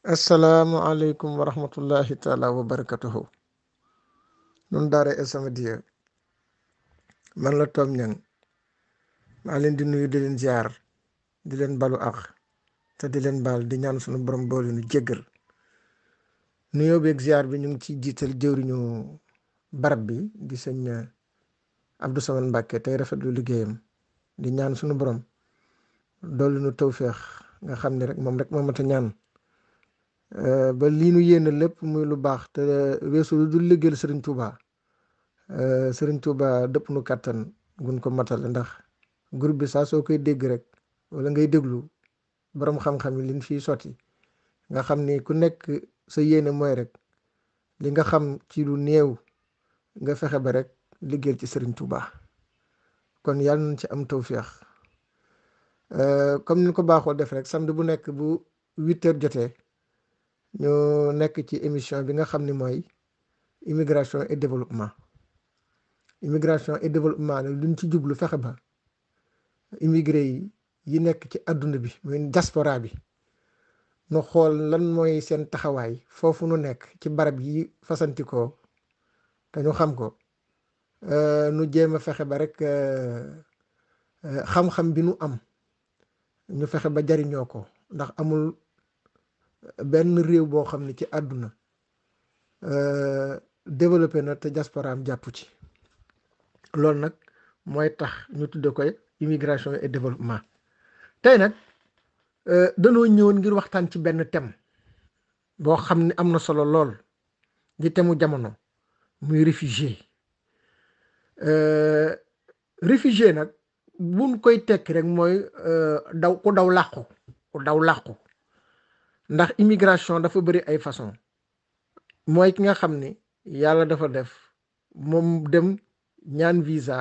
asalaamualeykum aleykum rahmatullahi taala wa barakatuhu nun daara As-Samadiyya man la Tom Niang maa leen di nuyu di leen ziar di leen balu ak te di leen baal di ñaan sunu borom boole nu jéggal nuyoo beeg ziar bi ñu ngi ciy jiital jëwriñu barab bi di sëñ Abdou Samane Mbacke tey rafetlu liggéeyam di ñaan sunu borom doolu nu tawféex nga xam ne rek moom rek moo ma a ñaan Euh, ba lii nu yéene lépp muy lu baax te euh, weesu lu dul liggéeyal sëriñ Touba euh, sëriñ Touba dëpp nu kàttan gun ko matale ndax groupe bi saa soo koy dégg rek wala ngay déglu boroom xam-xam yi liñ sotti nga xam ni ku nekk sa yéene mooy rek li nga xam ci lu néew nga fexe ba rek liggéey ci sëriñ Touba kon yàlla nañ ci am tawféex comme ni ko baaxoo def rek samedi bu nekk bu huit heures jotee. ñu nekk ci émission bi nga xam ni mooy immigration et développement immigration et développement nag luñ ci jublu fexe ba immigré yi yi nekk ci àdduna bi muy diaspora bi nu xool lan mooy seen taxawaay foofu nu nekk ci barab yi fasantikoo te ñu xam ko euh, nu jéem a fexe ba rek euh, euh, xam-xam bi nu am ñu fexe ba jariñoo ko ndax amul benn réew boo xam ne ci àdduna euh, développé na te diasporaam jàpp ci loolu nag mooy tax ñu tudde koy immigration et développement tey nag euh, danoo ñëwoon ngir waxtaan ci benn thème boo xam ne am na solo lool di temu jamono muy réfugié euh, réfugié nag buñ koy tekki rek mooy daw ku daw làqu ku daw làqu ndax immigration dafa bari ay façon mooy ki nga xam ni yàlla dafa def moom dem ñaan visa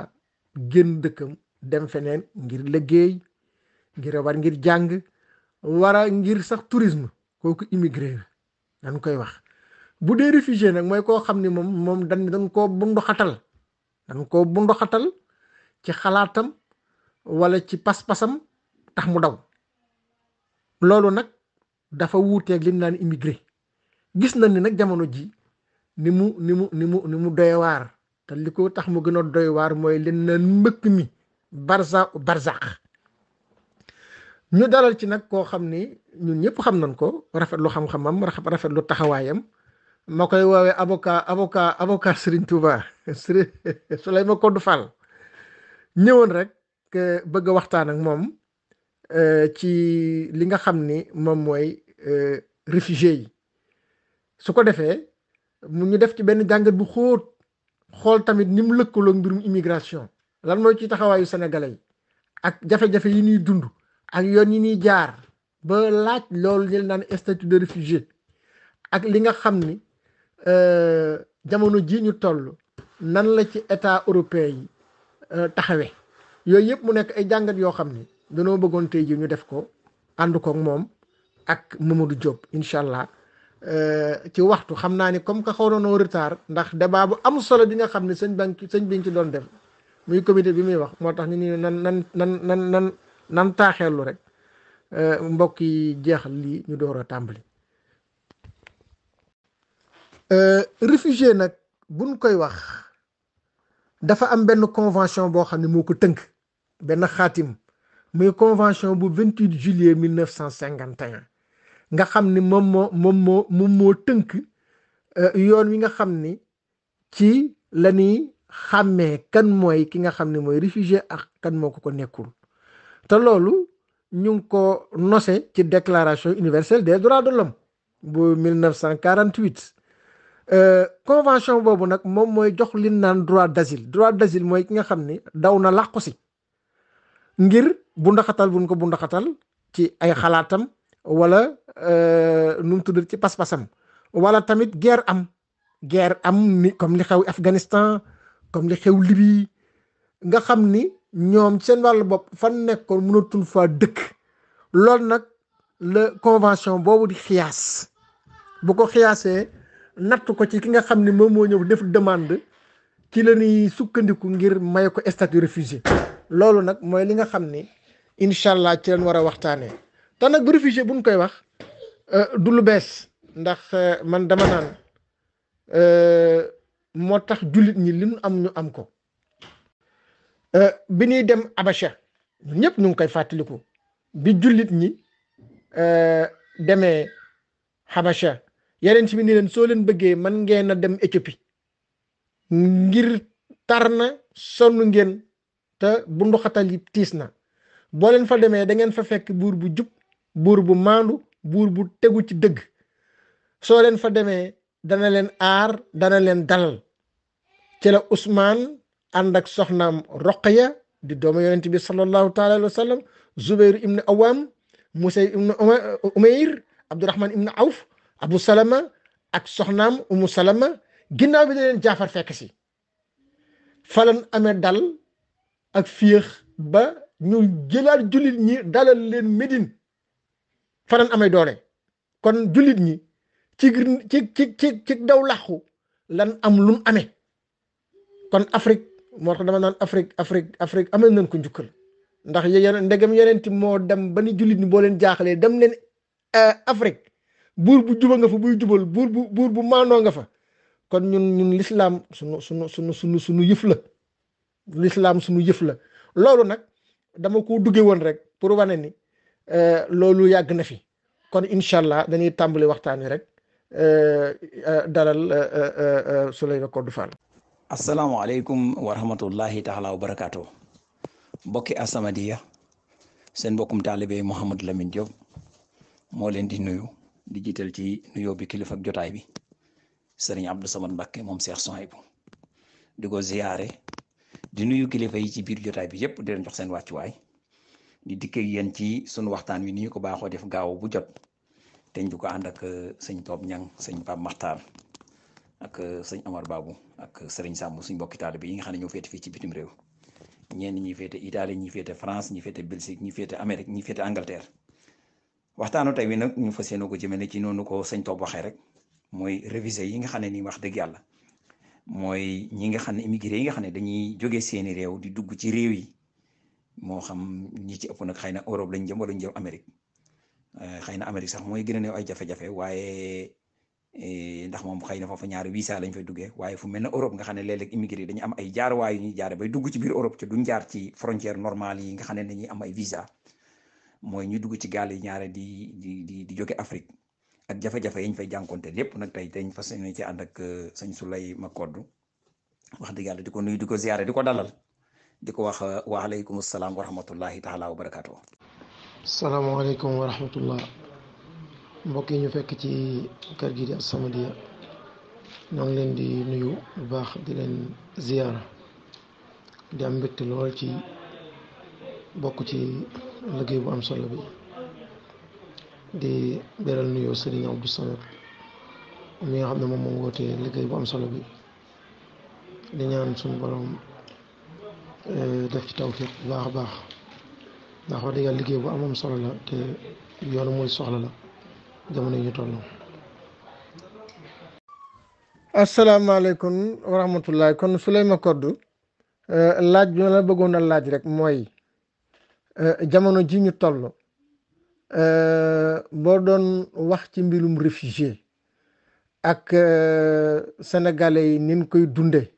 génn dëkkam dem feneen ngir liggéey ngir war ngir jàng wara ngir sax tourisme kooku immigré dañ koy wax bu dee réfugié nag mooy koo xam ni moom moom dañ dañ koo bunduxatal dañ koo bunduxatal ci xalaatam wala ci pas-pasam tax mu daw loolu nag dafa wuuteeg li ñu naan immigré gis nañ ni nag jamono ji ni mu ni mu ni mu ni waar te li ko tax mu gën a doy waar mooy li ñu naan mbëkk mi barza barzaq ñu dalal ci nag koo xam ni ñun ñëpp xam nañ ko rafet lu xam-xamam rafet lu taxawaayam ma koy woowee avocat aboka avocat Serigne Touba Serigne Souleymane Codou Fall ñëwoon rek bëgg a waxtaan ak moom Euh, ci li nga xam ni moom mooy euh, réfugiés yi su ko defee mu ñu def ci benn jàngat bu xóot xool tamit ni mu lëkkaloo mbirum immigration lan mooy ci taxawaayu sénégalais yi ak jafe-jafe yi ñuy dund ak yoon yi ñuy jaar ba laaj loolu ñu naan statut de réfugié ak li nga xam ni euh, jamono ji ñu toll nan la ci état européen yi taxawe yooyu yëpp mu nekk ay jàngat yoo xam ni. danoo bëggoon tey ji ñu def ko ànd kook moom ak Mamadou Diop incha allah euh, ci waxtu xam naa ni comme que xaw na noo retard ndax débat bu am solo di nga xam ne sëñ bank sëñ biñ ci doon def muy comité bi muy wax moo tax ñu ni nan nan nan nan nan nan taaxeelu rek euh, mbokk yi jeexal lii ñu door a tàmbali euh, réfugié nag buñ koy wax dafa am benn convention boo xam ne moo ko tënk benn xaatim muy convention bu 28 juillet 1951 nga xam ni moom moo moom moo moom moo tënk euh, yoon wi nga xam ni ci la ñuy xàmmee kan mooy ki nga xam ne mooy réfugié ak kan moo ko ko nekkul te loolu ñu ngi ko nose ci déclaration universelle des droit de lome bu 1948 euh, convention boobu nag moom mooy jox li naan droit d'asile droit d'asile mooy ki nga xam ni daw na làqu ngir bu ndaxatal buñ ko bu ndaxatal ci ay xalaatam wala euh, nu mu tudd ci pas-pasam wala tamit guerre am guerre am ni comme li xew Afghanistan comme li xew Libye nga xam ni ñoom seen wàllu bopp fan nekkoon mënatul faa dëkk loolu nag la convention boobu di xiyaas bu ko xiyaasee natt ko ci ki nga xam ne moom moo ñëw def demande ci la ñuy sukkandiku ngir may ko statut réfugié loolu nag mooy li nga xam ni incha allah ci leen war a waxtaanee te nag bu réfugié buñ koy wax euh, du lu bees ndax euh, man dama naan euh, moo tax jullit ñi li ñu am ñu am ko bi ñuy dem Abacha ñun ñëpp ñu ngi koy fàttaliku bi jullit ñi demee Abacha yeneen ci mi ni leen soo leen bëggee man ngeen a dem Éthiopie ngir tar na sonn ngeen te bu ndoxatal tiis na boo leen fa demee da ngeen fa fekk buur bu jub buur bu maandu buur bu tegu ci dëgg soo leen fa demee dana leen aar dana leen dalal ci la Ousmane ànd ak soxnaam Roqaya di doomu yonent bi sallallahu taala alayhi wa sallam Zubair ibn Awam Musay ibn Umayr Abdurahman Awf Abu Salama ak soxnaam Umu Salama ginnaaw bi da leen Jaafar fekk si falan amee dal ak féex ba ñu jëlaat jullit ñi dalal leen Médine fanaan amee doole kon jullit ñi ci ci ci ci ci daw laxu lan am lu mu amee kon Afrique moo tax dama naan afrig afrig Afrique amee nañ ko njukkal ndax yeneen ndegam yeneen ti moo dem ba ni jullit ñi boo leen jaaxalee dem leen euh, Afrique buur bu juba nga fa buy jubal buur bu buur bu maandoo nga fa kon ñun ñun lislaam sunu sunu sunu sunu sunu yëf la lislaam suñu yëf la loolu nag dama ko dugge woon rek pour wane ni euh, loolu yàgg na fi kon incha allah dañuy tàmbali waxtaan wi rek euh, euh, dalal Souleyna Codou Fall asalaamaaleykum wa rahmatullahi taala wa barakaatu mbokki As-Samadiyya seen mbokkum taalibe Mouhamadou Lamine Diop moo leen di nuyu di jiital ci nuyoo bi kilifa ak jotaay bi sëriñ Abdou Samad Mbakke moom Cheikh Souhaïbou di ko ziyaare di nuyu kilifa yi ci biir jotaay bi yëpp di leen jox seen wàccuwaay di dikk yéen ci sunu waxtaan wi ni ñu ko baaxoo def gaaw bu jot te ñu ko ànd sëñ Toob Ñang sëñ Pape Maxtaar ak euh, sëñ Amar Babu ak euh, sëriñ Sàmb suñ mbokki taalibe yi nga xam ne ñoo féete fii ci bitim réew ñenn ñi féete Italie ñi féete France ñi féete Belgique ñi féete Amérique ñi féete Angleterre waxtaanu tey wi nag ñu fas yéene ko jëmale ci noonu ko sëñ Toob waxee rek mooy réviser yi nga xam ne nii wax dëgg yàlla. mooy ñi nga xam ne immigré yi nga xam ne dañuy jóge seeni réew di dugg ci réew yi moo xam ñi ci ëpp nag xëy na Europe lañ jëm wala ñu jëm Amérique euh, xëy na Amérique sax mooy gën a ay jafe waaye eh, ndax moom xëy na foofu ñaari visa lañ fay duggee waaye fu mel ne Europe nga ne léeg-léeg immigré dañu ay jaarwaay yu ñuy jaare bay dugg ci biir Europe te duñ jaar ci frontière normale yi nga xam ne dañuy am ay visa mooy ñu dugg ci gaal yi ñaare di di di di jóge Afrique ak jafe-jafe yi ñu fay jànkonteel yépp nag tey tey fas yéene ci ànd ak euh, sëñ Souley wax dëgg yàlla di ko nuyu di ko ziare di ko dalal di ko wax euh, waaleykum salaam wa rahmatullahi taala wa barakaatu. salaamaaleykum wa rahmatullah mbokk yi ñu fekk ci kër gi di As-Samadiyya leen di nuyu bu baax di leen ziara di am mbégte lool ci bokk ci liggéey bu am solo bi. di beral nuyoo Serigne Abdou Samad mi nga xam ne moom moo wootee liggéey bu am solo bi di ñaan suñu boroom eh, def ci tawfiq bu baax a baax ndax wax dëgg liggéey bu amam solo la te yoonu mooy soxla la jamono yi ñu toll. asalaamaaleykum wa rahmatulah kon Souleyma koddu eh, laaj bi ma la bëggoon a laaj rek mooy eh, jamono ji ñu toll. Euh, boo doon wax ci mbirum réfugié ak euh, sénégalais yi nin koy dunde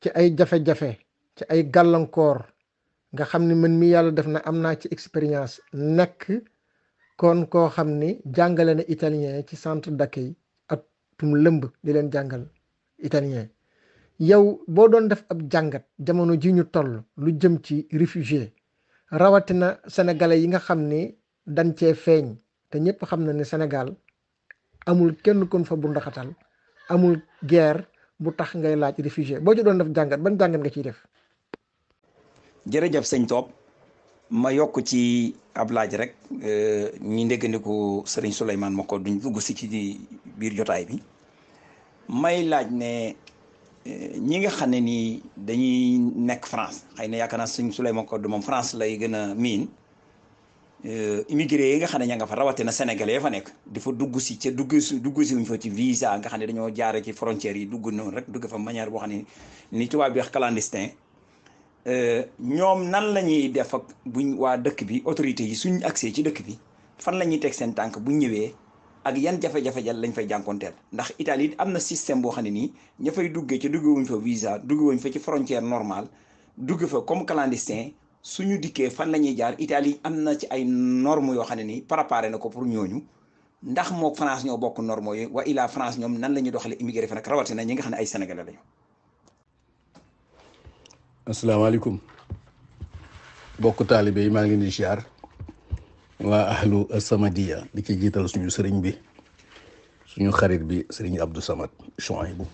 ci ay jafe-jafe ci ay gàllankoor nga xam ni mën mi yàlla def na am naa ci expérience nekk kon koo xam ni jàngale na italien ci centre d'accueil at tum lëmb di leen jàngal italien yow boo doon def ab jàngat jamono ji ñu toll lu jëm ci réfugié rawatina sénégalais yi nga xam ni dañ cee feeñ te ñëpp xam na ne Sénégal amul kenn kon fa bu ndaxatal amul guerre bu tax ngay laaj réfugié boo ci doon def jàngat ban jàngat nga ciy def. jërëjëf sëñ Top ma yokk ci ab laaj rek euh, ñi ndéggandiku sëriñ Souleymane Mako duñ dugg si ci di biir jotaay bi may laaj ne euh, ñi nga xam ne nii dañuy nekk France xay na yaakaar naa sëriñ Souleymane Mako moom France lay gën a miin. Euh, immigré yi nga xam ne ña nga fa rawatina sénégalais fa nekk di fa dugg si ca dugg si dugg wuñ fa ci visa nga xam ne dañoo jaare ci frontières yi dugg noonu rek dugg fa manière boo xam ne ni tubaab bi wax clandestin euh, ñoom nan la ñuy def ak buñ waa dëkk bi autorités yi suñ accès ci dëkk bi fan la ñuy teg seen tànk buñ ñëwee ak yan jafe-jafe jal lañ fay jànkonteel ndax Italie am na système boo xam ne nii ña fay duggee ci dugg wuñ fa visa dugg wuñ fa ci frontière normale dugg fa comme clandestin suñu dikkee fan la ñuy jaar Italie am na ci ay normes yoo xam ne nii préparé na ko pour ñooñu ndax moo France ñoo bokk wa ilaa France ñoom nan la ñuy doxalee immigré fa nag rawatina ñi nga xam ne ay sénégalais lañu. asalaamaaleykum bokk taalibe maa ngi ni ziar waa ahlu samadiya di ci jiital suñu sëriñ bi suñu xarit bi sëriñ Abdou Samad Chouaïbou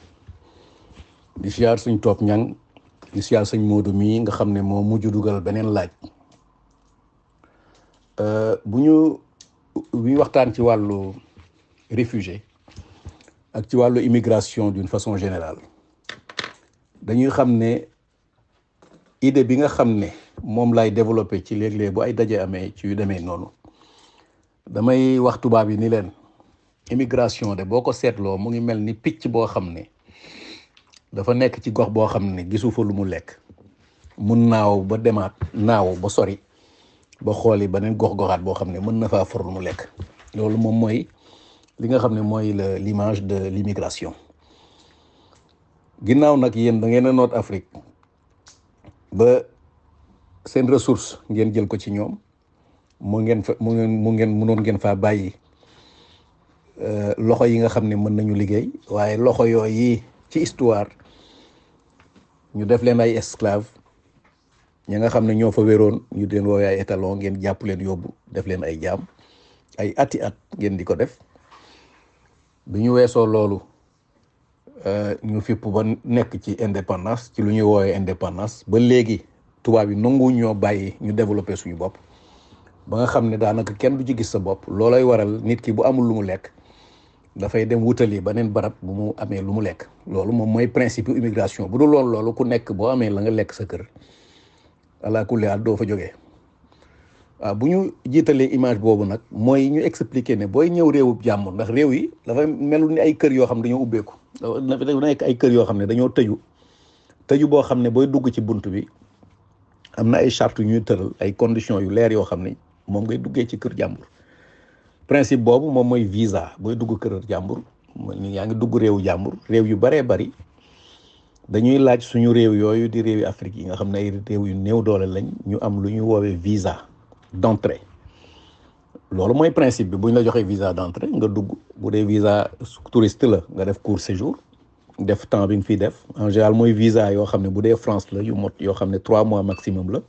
di ziar suñu toog ñang di siyaal sëñ Modou mii nga xam ne moo mujj dugal beneen laaj euh, bu ñu wi waxtaan ci wàllu réfugié ak ci wàllu immigration d'une façon générale dañuy xam ne idée bi nga xam ne moom lay développé ci léeg-léeg bu ay daje amee ci yu demee noonu damay wax tubaab yi ni leen immigration de boo ko seetloo mu ngi mel ni picc boo xam ne dafa nekk ci gox boo xam ne gisu fa lu mu lekk mu naaw ba demaat naaw ba sori ba xooli beneen gox goxaat boo xam ne mën na faa for lu mu lekk loolu moom mooy li nga xam ne mooy la l'image de l'immigration ginnaaw nag yéen da ngeen a noot Afrique ba seen ressource ngeen jël ko ci ñoom mu ngeen fa mu ngeen ngeen mënoon ngeen faa bàyyi euh, loxo yi nga xam ne mën nañu liggéey waaye loxo yooyu ci histoire ñu def leen ay esclave ñi nga xam ne ñoo fa wéroon ñu leen woowee ay étalon ngeen jàpp leen yóbbu def leen ay jaam ay ati at ngeen di ko def bi ñu weesoo loolu euh, ñu fipp ba nekk ci indépendance ci lu ñuy woowee indépendance ba léegi tubaab yi nangu ñoo bàyyi ñu développé suñu bopp ba nga xam ne daanaka kenn du ci gis sa bopp loolay waral nit ki bu amul lu mu lekk dafay dem wutali beneen barab bu mu amee lu mu lekk loolu moom mooy principe immigration bu dul lool loolu ku nekk boo amee la nga lekk sa kër ala kulli aal doo fa jógee waaw bu ñu jiitalee image boobu nag mooy ñu expliquer ne booy ñëw réewub jàmm ndax réew yi dafay melu ni ay kër yoo xam ne dañoo ubbeeku dafa nekk ay kër yoo xam ne dañoo tëju tëju boo xam ne booy dugg ci bunt bi am na ay charte yu ñuy tëral ay conditions yu leer yoo xam ne moom ngay duggee ci kër jàmbur principe boobu moom mooy visa booy dugg kër jàmbur yaa ngi dugg réew jàmbur réew yu bare bari dañuy laaj suñu réew yooyu di réewi Afrique yi nga xam ne ay réew yu néew doole lañ ñu am lu ñu woowee visa d'entrée loolu mooy principe bi bu ñu la joxee visa d'entrée nga dugg bu dee visa touriste la nga def court séjour def temps bi nga fiy def en général mooy visa yoo xam ne bu dee France la yu mot yoo xam ne trois mois maximum la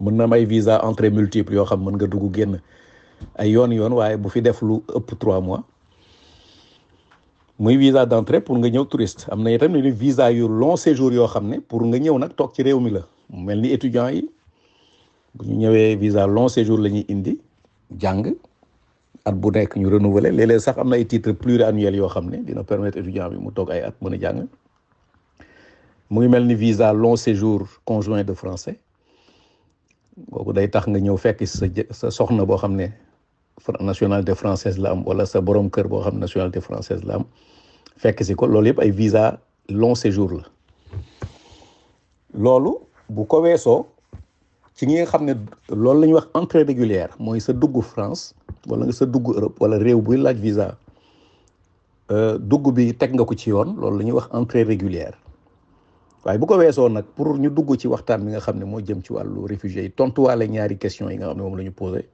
mën na am ay visa entrée multiple yoo xam mën nga dugg génn ay yoon yoon waaye bu fi def lu ëpp trois mois muy visa d'entrée pour nga ñëw touriste am na itam ne ni visa yu long séjour yoo xam ne pour nga ñëw nag toog ci réew mi la mu mel ni étudiants yi ñu ñëwee visa long séjour la ñuy indi jàng at bu nekk ñu renouveler léeg-léeg sax na ay titres pluriannuels yoo xam ne dina permettre étudiant bi mu toog ay at a jàng mu ngi mel ni visa long séjour conjoint de français kooku day tax nga ñëw fekk sa sa soxna boo xam ne nationalité française la am wala sa borom kër boo xam ne nationalité française la am fekk si ko loolu yëpp ay visa long séjour la loolu bu ko weesoo ci ñi nga xam ne loolu la ñuy wax entrée régulière mooy sa dugg France wala nga sa dugg Europe wala réew buy laaj visa euh, dugg bi teg nga ko ci yoon loolu la ñuy wax entrée régulière waaye bu ko weesoo nag pour ñu dugg ci waxtaan bi nga xam ne moo jëm ci wàllu réfugié yi tontuwaale ñaari question yi nga xam ne moom la ñu posé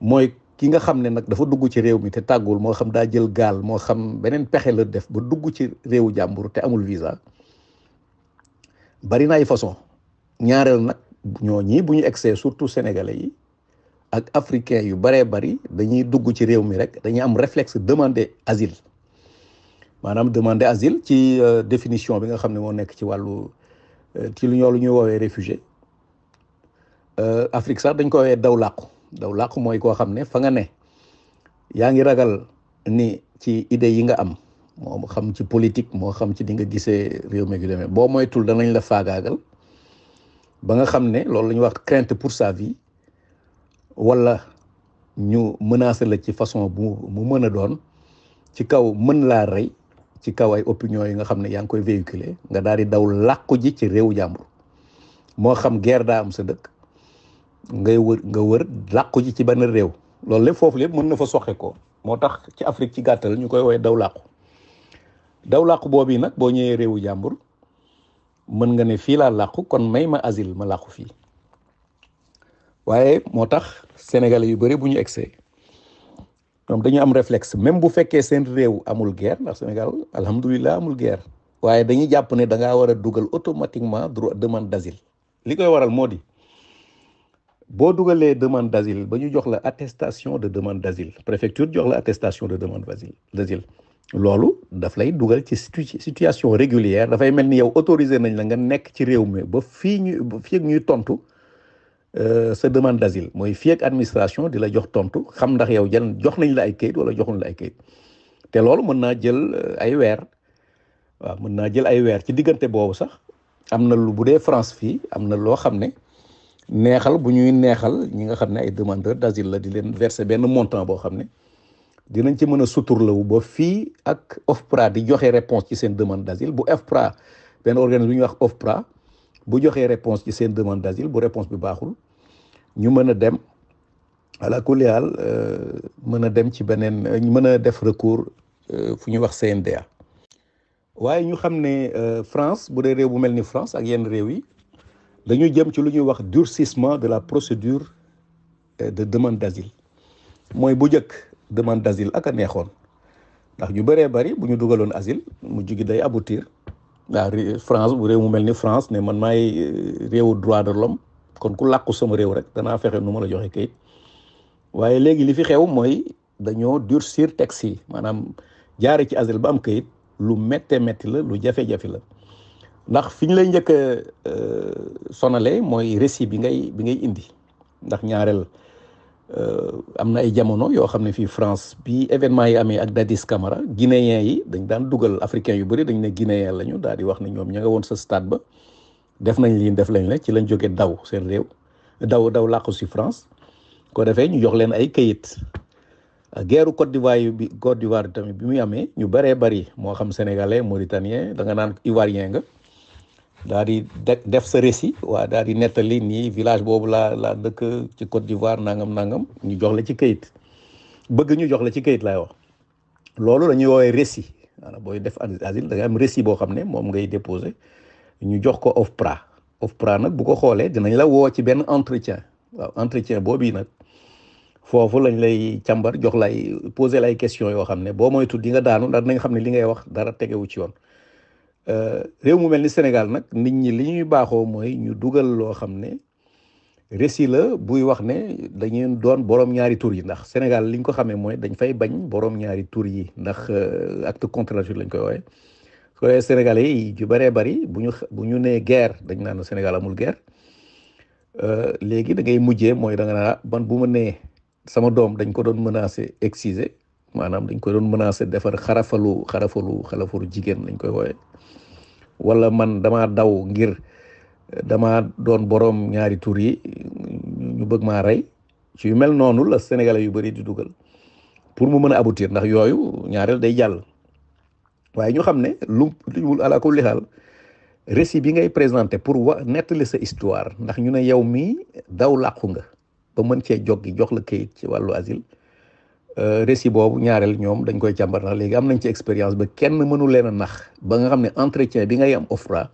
mooy ki nga xam ne nag dafa dugg ci réew mi te tàggul moo xam daa jël gaal moo xam beneen pexe la def ba dugg ci réewu jàmbur te amul visa bari na ay façon ñaareel nag ñoo ñii bu ñu egsee surtout sénégalais yi ak africain yu baree bari dañuy dugg ci réew mi rek dañuy am réflexe demander asile maanaam demander asile ci euh, définition bi nga xam ne moo nekk ci wàllu euh, ci lu ñoo lu ñuy woowee réfugié euh, Afrique sax dañ ko woowee daw làqu daw làqu mooy koo xam ne fa nga ne yaa ngi ragal ni ci idée yi nga am moo xam ci politique moo xam ci di nga gisee réew mi gu boo moytul danañ la faagaagal ba nga xam ne loolu la wax crainte pour sa vie wala ñu menacer la ci façon bu mu mën a doon ci kaw mën laa rey ci kaw ay opinion yi nga xam ne yaa ngi koy véhiculer nga daal di daw làqu ji ci réewu jàmbur moo xam guerre daa am sa dëkk ngay wër nga wër làqu ji ci benn réew loolu lépp foofu lépp mën na fa soxe ko moo tax ci Afrique ci gàttal ñu koy woowee daw làqu daw làqu boobu yi nag boo ñëwee réewu jàmbur mën nga ne fii laa làqu kon may ma asile ma làqu fii waaye moo tax sénégalais yu bëri bu ñu egsee ñoom dañu am réflexe même bu fekkee seen réew amul guerre ndax Sénégal alhamdulilah amul guerre waaye dañuy jàpp ne da ngaa war a dugal automatiquement droit demande d'asile li koy waral moo di boo dugalee demande d'asile ba ñu jox la attestation de demande d'asile préfecture jox la attestation de demande d'asile d'asile loolu daf lay dugal ci situation régulière dafay mel ni yow autorisé nañ la nga nekk ci réew mi ba fii ñu ba fii ñuy tontu euh, sa demande d'asile mooy fii ak administration di la jox tontu xam ndax yow jël jox nañ la ay kayit wala joxuñ la ay kayit te loolu mën naa jël euh, ay weer waaw mën naa jël ay weer ci diggante boobu sax am na lu bu dee France fii am na loo xam ne. neexal bu ñuy neexal ñi nga xam ne ay demandeur d'asile la di leen verser benn montant boo xam ne dinañ ci mën a suturlawu ba fii ak OFPRA di joxe réponse ci seen demande d'asile bu OFPRA benn organisme bu ñuy wax OFPRA bu joxee réponse ci seen demande d'asile bu réponse bi baaxul ñu mën a dem ala kulli haal euh, mën a dem ci beneen ñu mën a def recours euh, fu ñuy wax CNDA waaye ñu xam ne euh, France bu dee réew bu mel ni France ak yenn réew yi dañu jëm ci lu ñuy wax durcissement de la procédure euh, de demande d'asile mooy bu njëkk demande d'asile ak a neexoon ndax ñu bëree bari bu ñu dugaloon asile mu jigi day aboutir waaw France bu réew mu mel ni France ne man maay euh, réewu droit de l'homme kon ku làqu sama réew rek danaa fexe nu ma la joxe kayit waaye léegi li fi xew mooy dañoo durcir texte yi maanaam jaare ci asile ba am kayit lu métte métti la lu jafe-jafe la ndax fi ñu lay njëkk euh, sonale mooy récit bi ngay bi ngay indi ndax ñaareel euh, am na ay jamono yoo xam ne fii France bi événement yi amee ak Dadis Camara guinéen yi dañ daan dugal africain yu bari dañ ne guinéen lañu daal di wax ne ñoom ña nga woon sa stade ba def nañ lii def lañ la ci lañ jóge daw seen réew daw daw làqu si France ko defee ñu jox leen ay kayit guerre Côte d'Ivoire bi Côte tamit bi muy amee ñu bëree bari moo xam sénégalais mauritanien da nga naan ivoirien nga daal di def sa récit waa daal di nettali nii village boobu laa laa dëkk ci Côte d'Ivoire nangam nangam ñu jox la ci kayit bëgg ñu jox la ci kayit laay wax loolu la ñuy woowee récit booy def asile da nga am récit boo xam ne moom ngay déposé ñu jox ko OFPRA OFPRA nag bu ko xoolee dinañ la woo ci benn entretien waaw entretien boobu nag foofu lañ lay càmbar jox lay poser lay question yoo xam ne boo moytu di nga daanu ndax dinañ xam ne li ngay wax dara tegewu ci yoon. Euh, réew mu mel ni Sénégal nag nit ñi li ñuy baaxoo mooy ñu dugal loo xam ne récit la buy wax ne dañu doon borom ñaari tur yi ndax Sénégal li ñu ko xamee mooy dañ fay bañ borom ñaari tur yi ndax euh, acte contre nature lañ koy wooye su ko Sénégalais yi yu baree bari bu ñu bu ñu nee guerre dañ naan Sénégal amul guerre euh, léegi dangay ngay mujjee mooy danga nga ban ah, bu ma nee sama doom dañ ko doon menacé exciser maanaam dañ ko doon menacé defar xarafalu xarafalu xarafalu jigéen lañ koy wooye wala man dama daw ngir dama doon boroom ñaari tur yi ñu bëgg maa rey ci yu mel noonul la sénégalais yu bëri di dugal pour mu mën a aboutir ndax yooyu ñaareel day jàll waaye ñu xam ne lu luñwul ala kulli xaal récit bi ngay présenté pour wa nettali sa histoire ndax ñu ne yow mii daw làqu nga ba mën cee joggi jox la kayit ci wàllu asile Euh, récit boobu ñaareel ñoom dañ koy càmbar ndax léegi am nañ ci expérience ba kenn mënu leen a nax ba nga xam ne entretien bi ngay am offra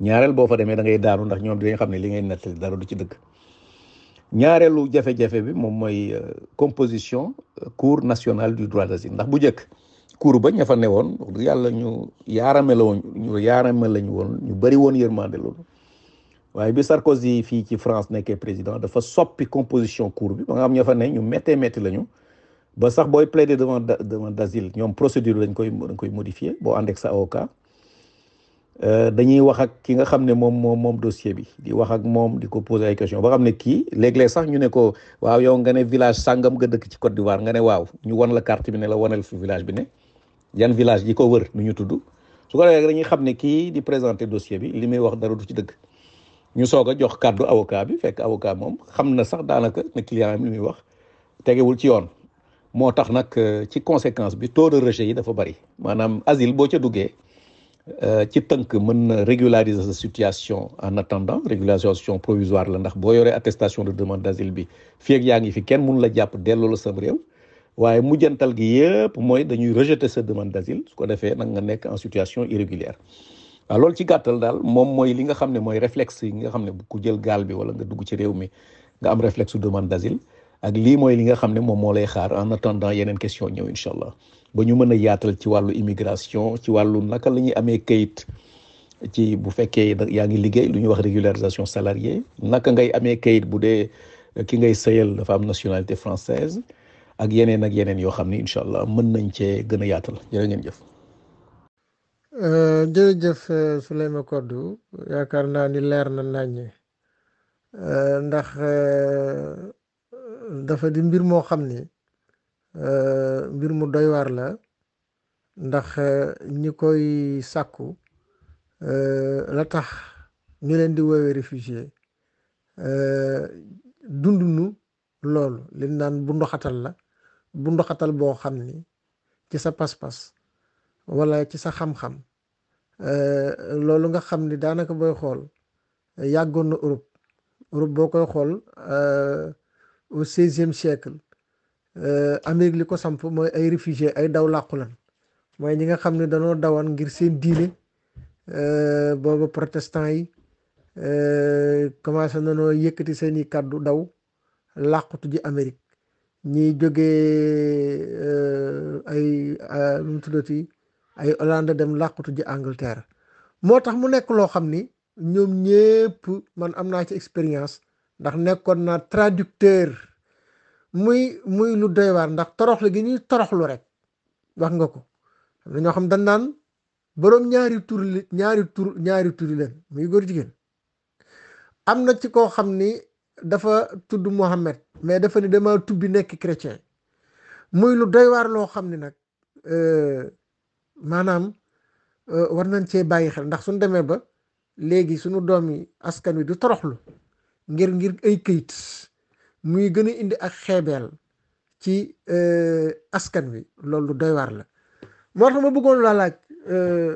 ñaareel boo fa demee da ngay daanu ndax ñoom dinañ xam ne li ngay nettali dara du ci dëgg ñaareelu jafe-jafe bi moom mooy euh, composition euh, cour nationale du droit d'asile ndax bu njëkk cour ba ña fa newoon yàlla ñu yaarame la woon ñu yaarame lañu woon ñu bëri woon yërmande loolu waaye bi Sarkozy fii ci France nekkee président dafa soppi composition cour bi ba nga xam ña ne ñu méttee métti lañu ba sax booy plaider devant devant d'asile ñoom procédure lañ koy dañ koy modifier boo ànd ak sa avocat euh, dañuy wax ak ki nga xam ne moom moom moom dossier bi di wax ak moom di ko poser ay question ba xam ne kii léeg sax ñu ne ko waaw yow nga ne village sàngam nga dëkk ci Côte d'Ivoire nga ne waaw ñu wan la carte bi la wanal fi village bi ne yan village yi ko wër nu ñu tudd su ko defee dañuy xam ne kii di présenter dossier bi li muy wax dara du ci dëgg ñu soog a jox kàddu avocat bi fekk avocat moom xam na sax daanaka ne client am li muy wax tegewul ci yoon moo tax nag euh, ci conséquence bi taux de rejet yi dafa bari maanaam asile boo ca duggee euh, ci tënk mën na régulariser sa situation en attendant régularisation provisoire la ndax boo yoree attestation de demande d'asile bi fii ak yaa ngi fi kenn mënu la jàpp delloo la sam réew waaye mujjantal gi yëpp mooy dañuy rejeter sa demande d'asile su ko defee nag nga nekk en situation irrégulière waaw loolu ci gàttal daal moom mooy li nga xam ne mooy réflexe yi nga xam ne bu ku jël gaal bi wala nga dugg ci réew mi nga am demande d'asile ak lii mooy li nga xam ne moom moo lay xaar en attendant yeneen question ñëw incha allah ba ñu mën a yaatal ci wàllu immigration ci wàllu naka la ñuy amee kayit ci bu fekkee yaa ngi liggéey lu ñuy wax régularisation salarié naka ngay amee kayit bu dee ki ngay sëyal dafa am nationalité française ak yeneen ak yeneen yoo xam ne incha allah mën nañ cee gën a yaatal jërë ngeen jëf. Euh, jërëjëf euh, Souleymane Codou yaakaar naa ni leer na naññe euh, ndax. dafa di mbir moo xam ni euh, mbir mu doy waar la ndax euh, ñi koy sàkku euh, la tax ñu leen di woowee réfugié dund loolu li naan bu ndoxatal la bu ndoxatal boo xam ni ci sa pas-pas wala ci sa xam-xam loolu nga xam ni daanaka booy xool yàggoon na Europe Europe boo koy xool au seizième siècle euh, Amérique li ko samp mooy ay réfugiés ay daw làqu lan mooy ñi nga xam ne danoo dawan ngir seen diine euh, booba protestant yi euh, commencé nanoo yëkkati seen i kàddu daw làqutu ji Amérique ñiy jógee ay nu mu tuddati ay Hollande dem làqutu ji Angleterre moo tax mu nekk loo xam ni ñoom ñépp man am naa ci expérience ndax nekkoon na traducteur muy muy lu doy waar ndax toroxlu gi ñuy toroxlu rek wax nga ko am na ñoo xam dañ naan boroom ñaari tur ñaari tur ñaari turi leen muy gor jigéen am na ci koo xam ni dafa tudd Mohammed mais dafa ni dama tubbi nekk chrétien muy lu doy loo xam ni nag euh, maanaam euh, war nañ cee bàyyi xel ndax suñ demee ba léegi suñu doomi askan wi du toroxlu ngir ngir ay këyit muy gën a indi ak xeebeel ci eh, askan wi loolu doy waar la moo tax ma bëggoon laa laaj eh,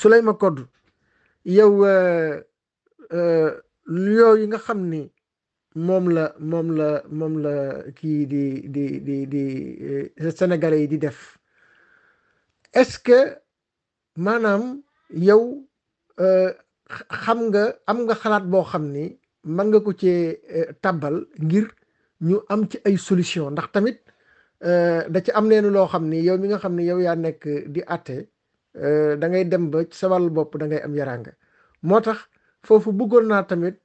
Souleymane Codou yow eh, yooyu nga xam ni moom la moom la moom la kii di di di di Sénégalais yi di def est-ce que maanaam yow xam nga am nga xalaat boo xam ni mën nga ko cee eh, tàbbal ngir ñu am ci ay solution ndax tamit eh, da ci am leen loo xam ni yow mi nga xam ni yow yaa nekk di àtte eh, da ngay dem ba sa wàllu bopp da ngay am yaraanga moo tax foofu bëggoon naa tamit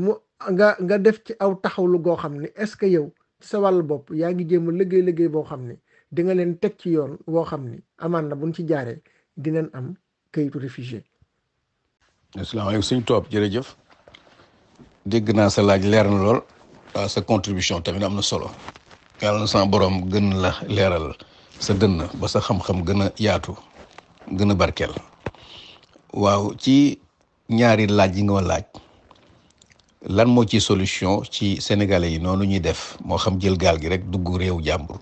mu nga nga def ci aw taxawlu goo xam ni est-ce que yow sa wàllu bopp yaa ngi jéem a liggéey liggéey boo xam ni dinga leen teg ci yoon woo xam ni amaan na buñ ci jaaree dinañ am kayitu réfugié asalaamaaleykum suñu topp jërëjëf dégg naa sa laaj leer na lool waaw sa contribution tamit am na solo yàlla na sama borom gën la leeral sa dënn ba sa xam-xam gën a yaatu gën a barkeel waaw ci ñaari laaj yi nga ma laaj lan moo ci solution ci sénégalais yi noonu ñuy def moo xam jël gaal gi rek dugg réew jàmbur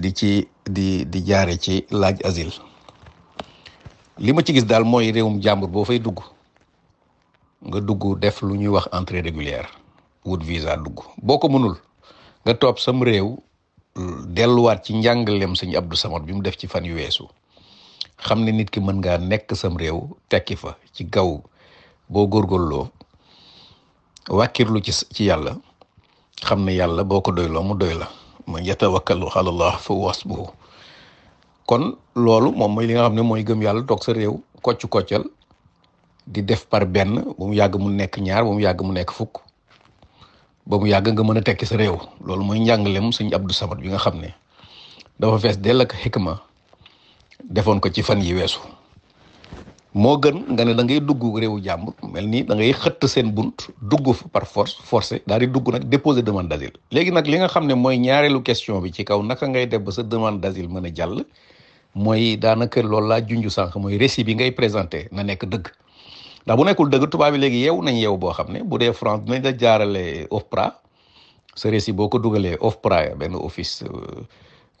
di ci di di jaare ci laaj asile li ma ci gis daal mooy réewum jàmbur boo fay dugg nga dugg def lu ñuy wax entrée régulière wut visa dugg boo ko mënul nga toog sam réew delluwaat ci njàngalem sëñ Abdou Samad bi mu def ci fan yu weesu xam ne nit ki mën ngaa nekk sam réew tekki fa ci gaw boo góor góorloo wàkkirlu ci ci yàlla xam ne yàlla boo ko doyloo mu doy la man yatawakkalu ala Allah fa wasbuhu kon loolu moom mooy li nga xam ne mooy gëm yàlla toog sa réew kocc koccal di def par benn ba mu yàgg mu nekk ñaar ba mu yàgg mu nekk fukk ba mu yàgg nga mën a tekki sa réew loolu mooy njàngalem suñu Abdou Samad bi nga xam ne dafa fees dell ak xikma defoon ko ci fan yi weesu moo gën nga ne da ngay dugg réewu jàmbur mel ni da ngay xëtt seen bunt dugg fa par force forcé daal di dugg nag déposer demande d'asile léegi nag li nga xam ne mooy ñaareelu question bi ci kaw naka ngay def ba sa demande d'asile mën a jàll mooy daanaka loolu laa junj sànq mooy récit bi ngay présenté na nekk dëgg ndax bu nekkul dëgg tubaab bi léegi yeew nañ yeew boo xam ne bu dee France dinañ la jaarale OFPRA sa récit boo ko dugalee OFPRA benn office euh,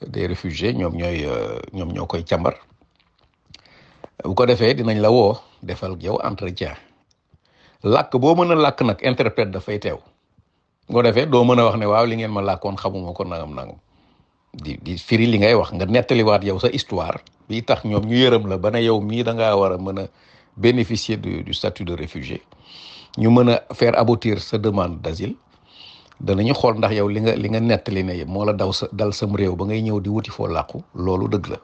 des réfugiés ñoom ñooy euh, ñoom ñoo koy càmbar bu ko defee dinañ la woo defal yow entre entretien làkk boo mën a làkk nag interprète dafay teew bu ko defee doo mën a wax ne waaw li ngeen ma làkkoon xamuma ko nangam nangam di firi li ngay wax nga nettaliwaat yow sa histoire bi tax ñoom ñu yërëm la ba ne yow mii da ngaa war a mën a bénéficier du du statut de réfugié ñu mën a faire aboutir sa demande d'asile danañu xool ndax yow li nga li nga nettali ne moo la daw sa dal sam réew ba ngay ñëw di wuti foo làqu loolu dëgg la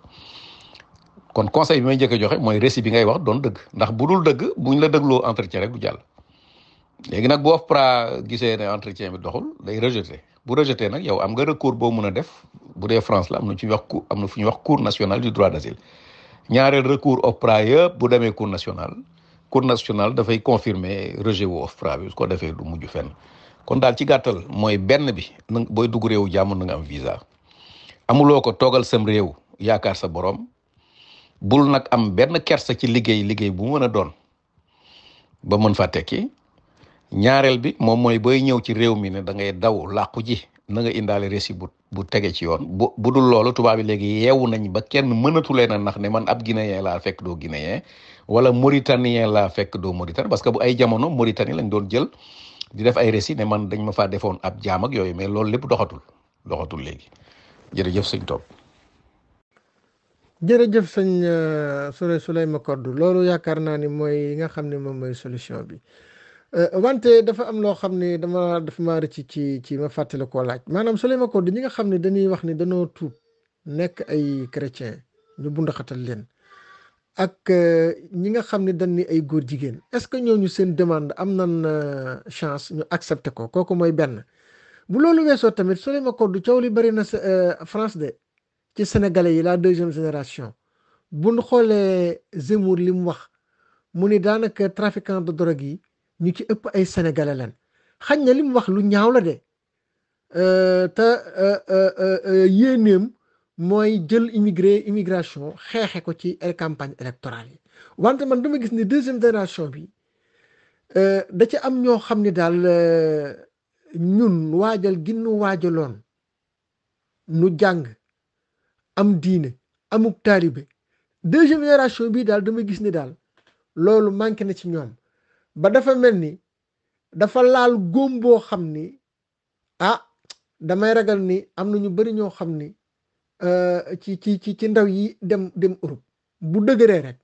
kon conseil bi may njëkk a joxe mooy récit bi ngay wax doon dëgg ndax bu dul dëgg ñu la dëgloo entretien rek du jàll léegi nag bu AFPRA gisee ne entretien bi doxul day rejeté bu rejeté nag yow am nga recours boo mën a def bu dee France la am na ci wax am fu ñuy wax cour nationale du droit d'asile ñaareel recours OFPRA yëpp bu demee cour nationale cour nationale dafay confirmer rejet wu OFPRA bi su ko defee du mujj fenn kon daal ci gàttal mooy benn bi na booy dugg réewu jàmm na nga am visa amuloo ko toogal sam réew yaakaar sa borom bul nag am benn kersa ci liggéey liggéey bu mën a doon ba mën fa tekki ñaareel bi moom mooy booy ñëw ci réew mi ne da ngay daw làqu ji na nga indaale récit bu bu tege ci yoon bu bu dul loolu tubaab yi léegi yeewu nañ ba kenn mënatu leen a nax ne man ab guinéen laa fekk doo guinéen wala mauritanien laa fekk doo mauritanien parce que bu ay jamono Mauritanie lañ doon jël di def ay récit ne man dañ ma faa defoon ab jaam ak yooyu mais loolu lépp doxatul doxatul léegi jërëjëf sëñ Top. jërëjëf sëñ euh, Souley Souley Makoddu loolu yaakaar naa ni mooy yi nga xam ne moom mooy solution bi. Euh, wante dafa am loo xam ne dama dafa ma rëcc ci ci ma fàttali ko laaj maanaam su ma ko ñi nga xam ne dañuy wax ni danoo tuub nekk ay chrétien ñu bundaxatal leen ak euh, ñi nga xam ne dañ ay góor jigéen est-ce que ñu seen demande am nan euh, chance ñu accepté ko kooku mooy benn bu loolu weesoo tamit su ma ko coow li bëri na France de ci sénégalais yi la deuxième génération bu ñu xoolee Zemmour li mu wax mu ni daanaka trafiquant de drogue yi. ñu ci ëpp ay sénégalais lan xañ na li mu wax lu ñaaw la de euh, te euh, euh, yéeneem mooy jël immigré immigration xeexe ko ci campagne électorale yi wante man dama gis ni deuxième génération bi da ci am ñoo xam ni daal ñun waajal ginnu waajaloon nu jàng am diine amuk taalibe deuxième génération bi daal dama gis ni daal loolu manqué na ci ñoom ba dafa mel ni dafa laal góom boo xam ni ah damay ragal ni am na ñu bari ñoo xam ni euh, ci ci ci ci ndaw yi dem dem Europe bu dëgëree rek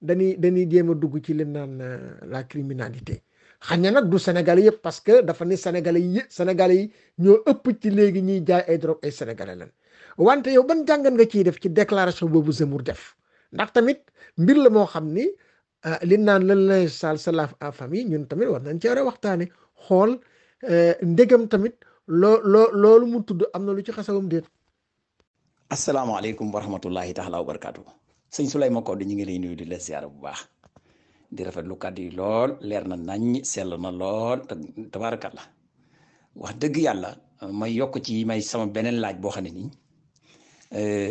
dañuy dañuy jéem a dugg ci li naan euh, la criminalité xam na nag du Sénégal yëpp parce que dafa ni Sénégalais yi Sénégalais yi ñoo ëpp ci léegi ñuy jaay ay drogue ay Sénégalais lan wante yow ban jàngat nga ciy def ci déclaration boobu Zemmour def ndax tamit mbir la moo xam ni. Ah, li naan la lay sal salaf à famille ñun tamit war nañ ci war a waxtaane xool eh, ndegam tamit loo loolu mu tudd am na lu ci xasawam déet asalaamaaleykum wa rahmatullahi taala wa barakaatu sëñ Souleymane Codé ñu ngi lay nuyu di la ziyaara bu baax di rafet lu kàddu yi lool leer na nañ sell na lool tabaarakallah wax dëgg yàlla may yokk ci may sama beneen laaj boo xam ne nii eh,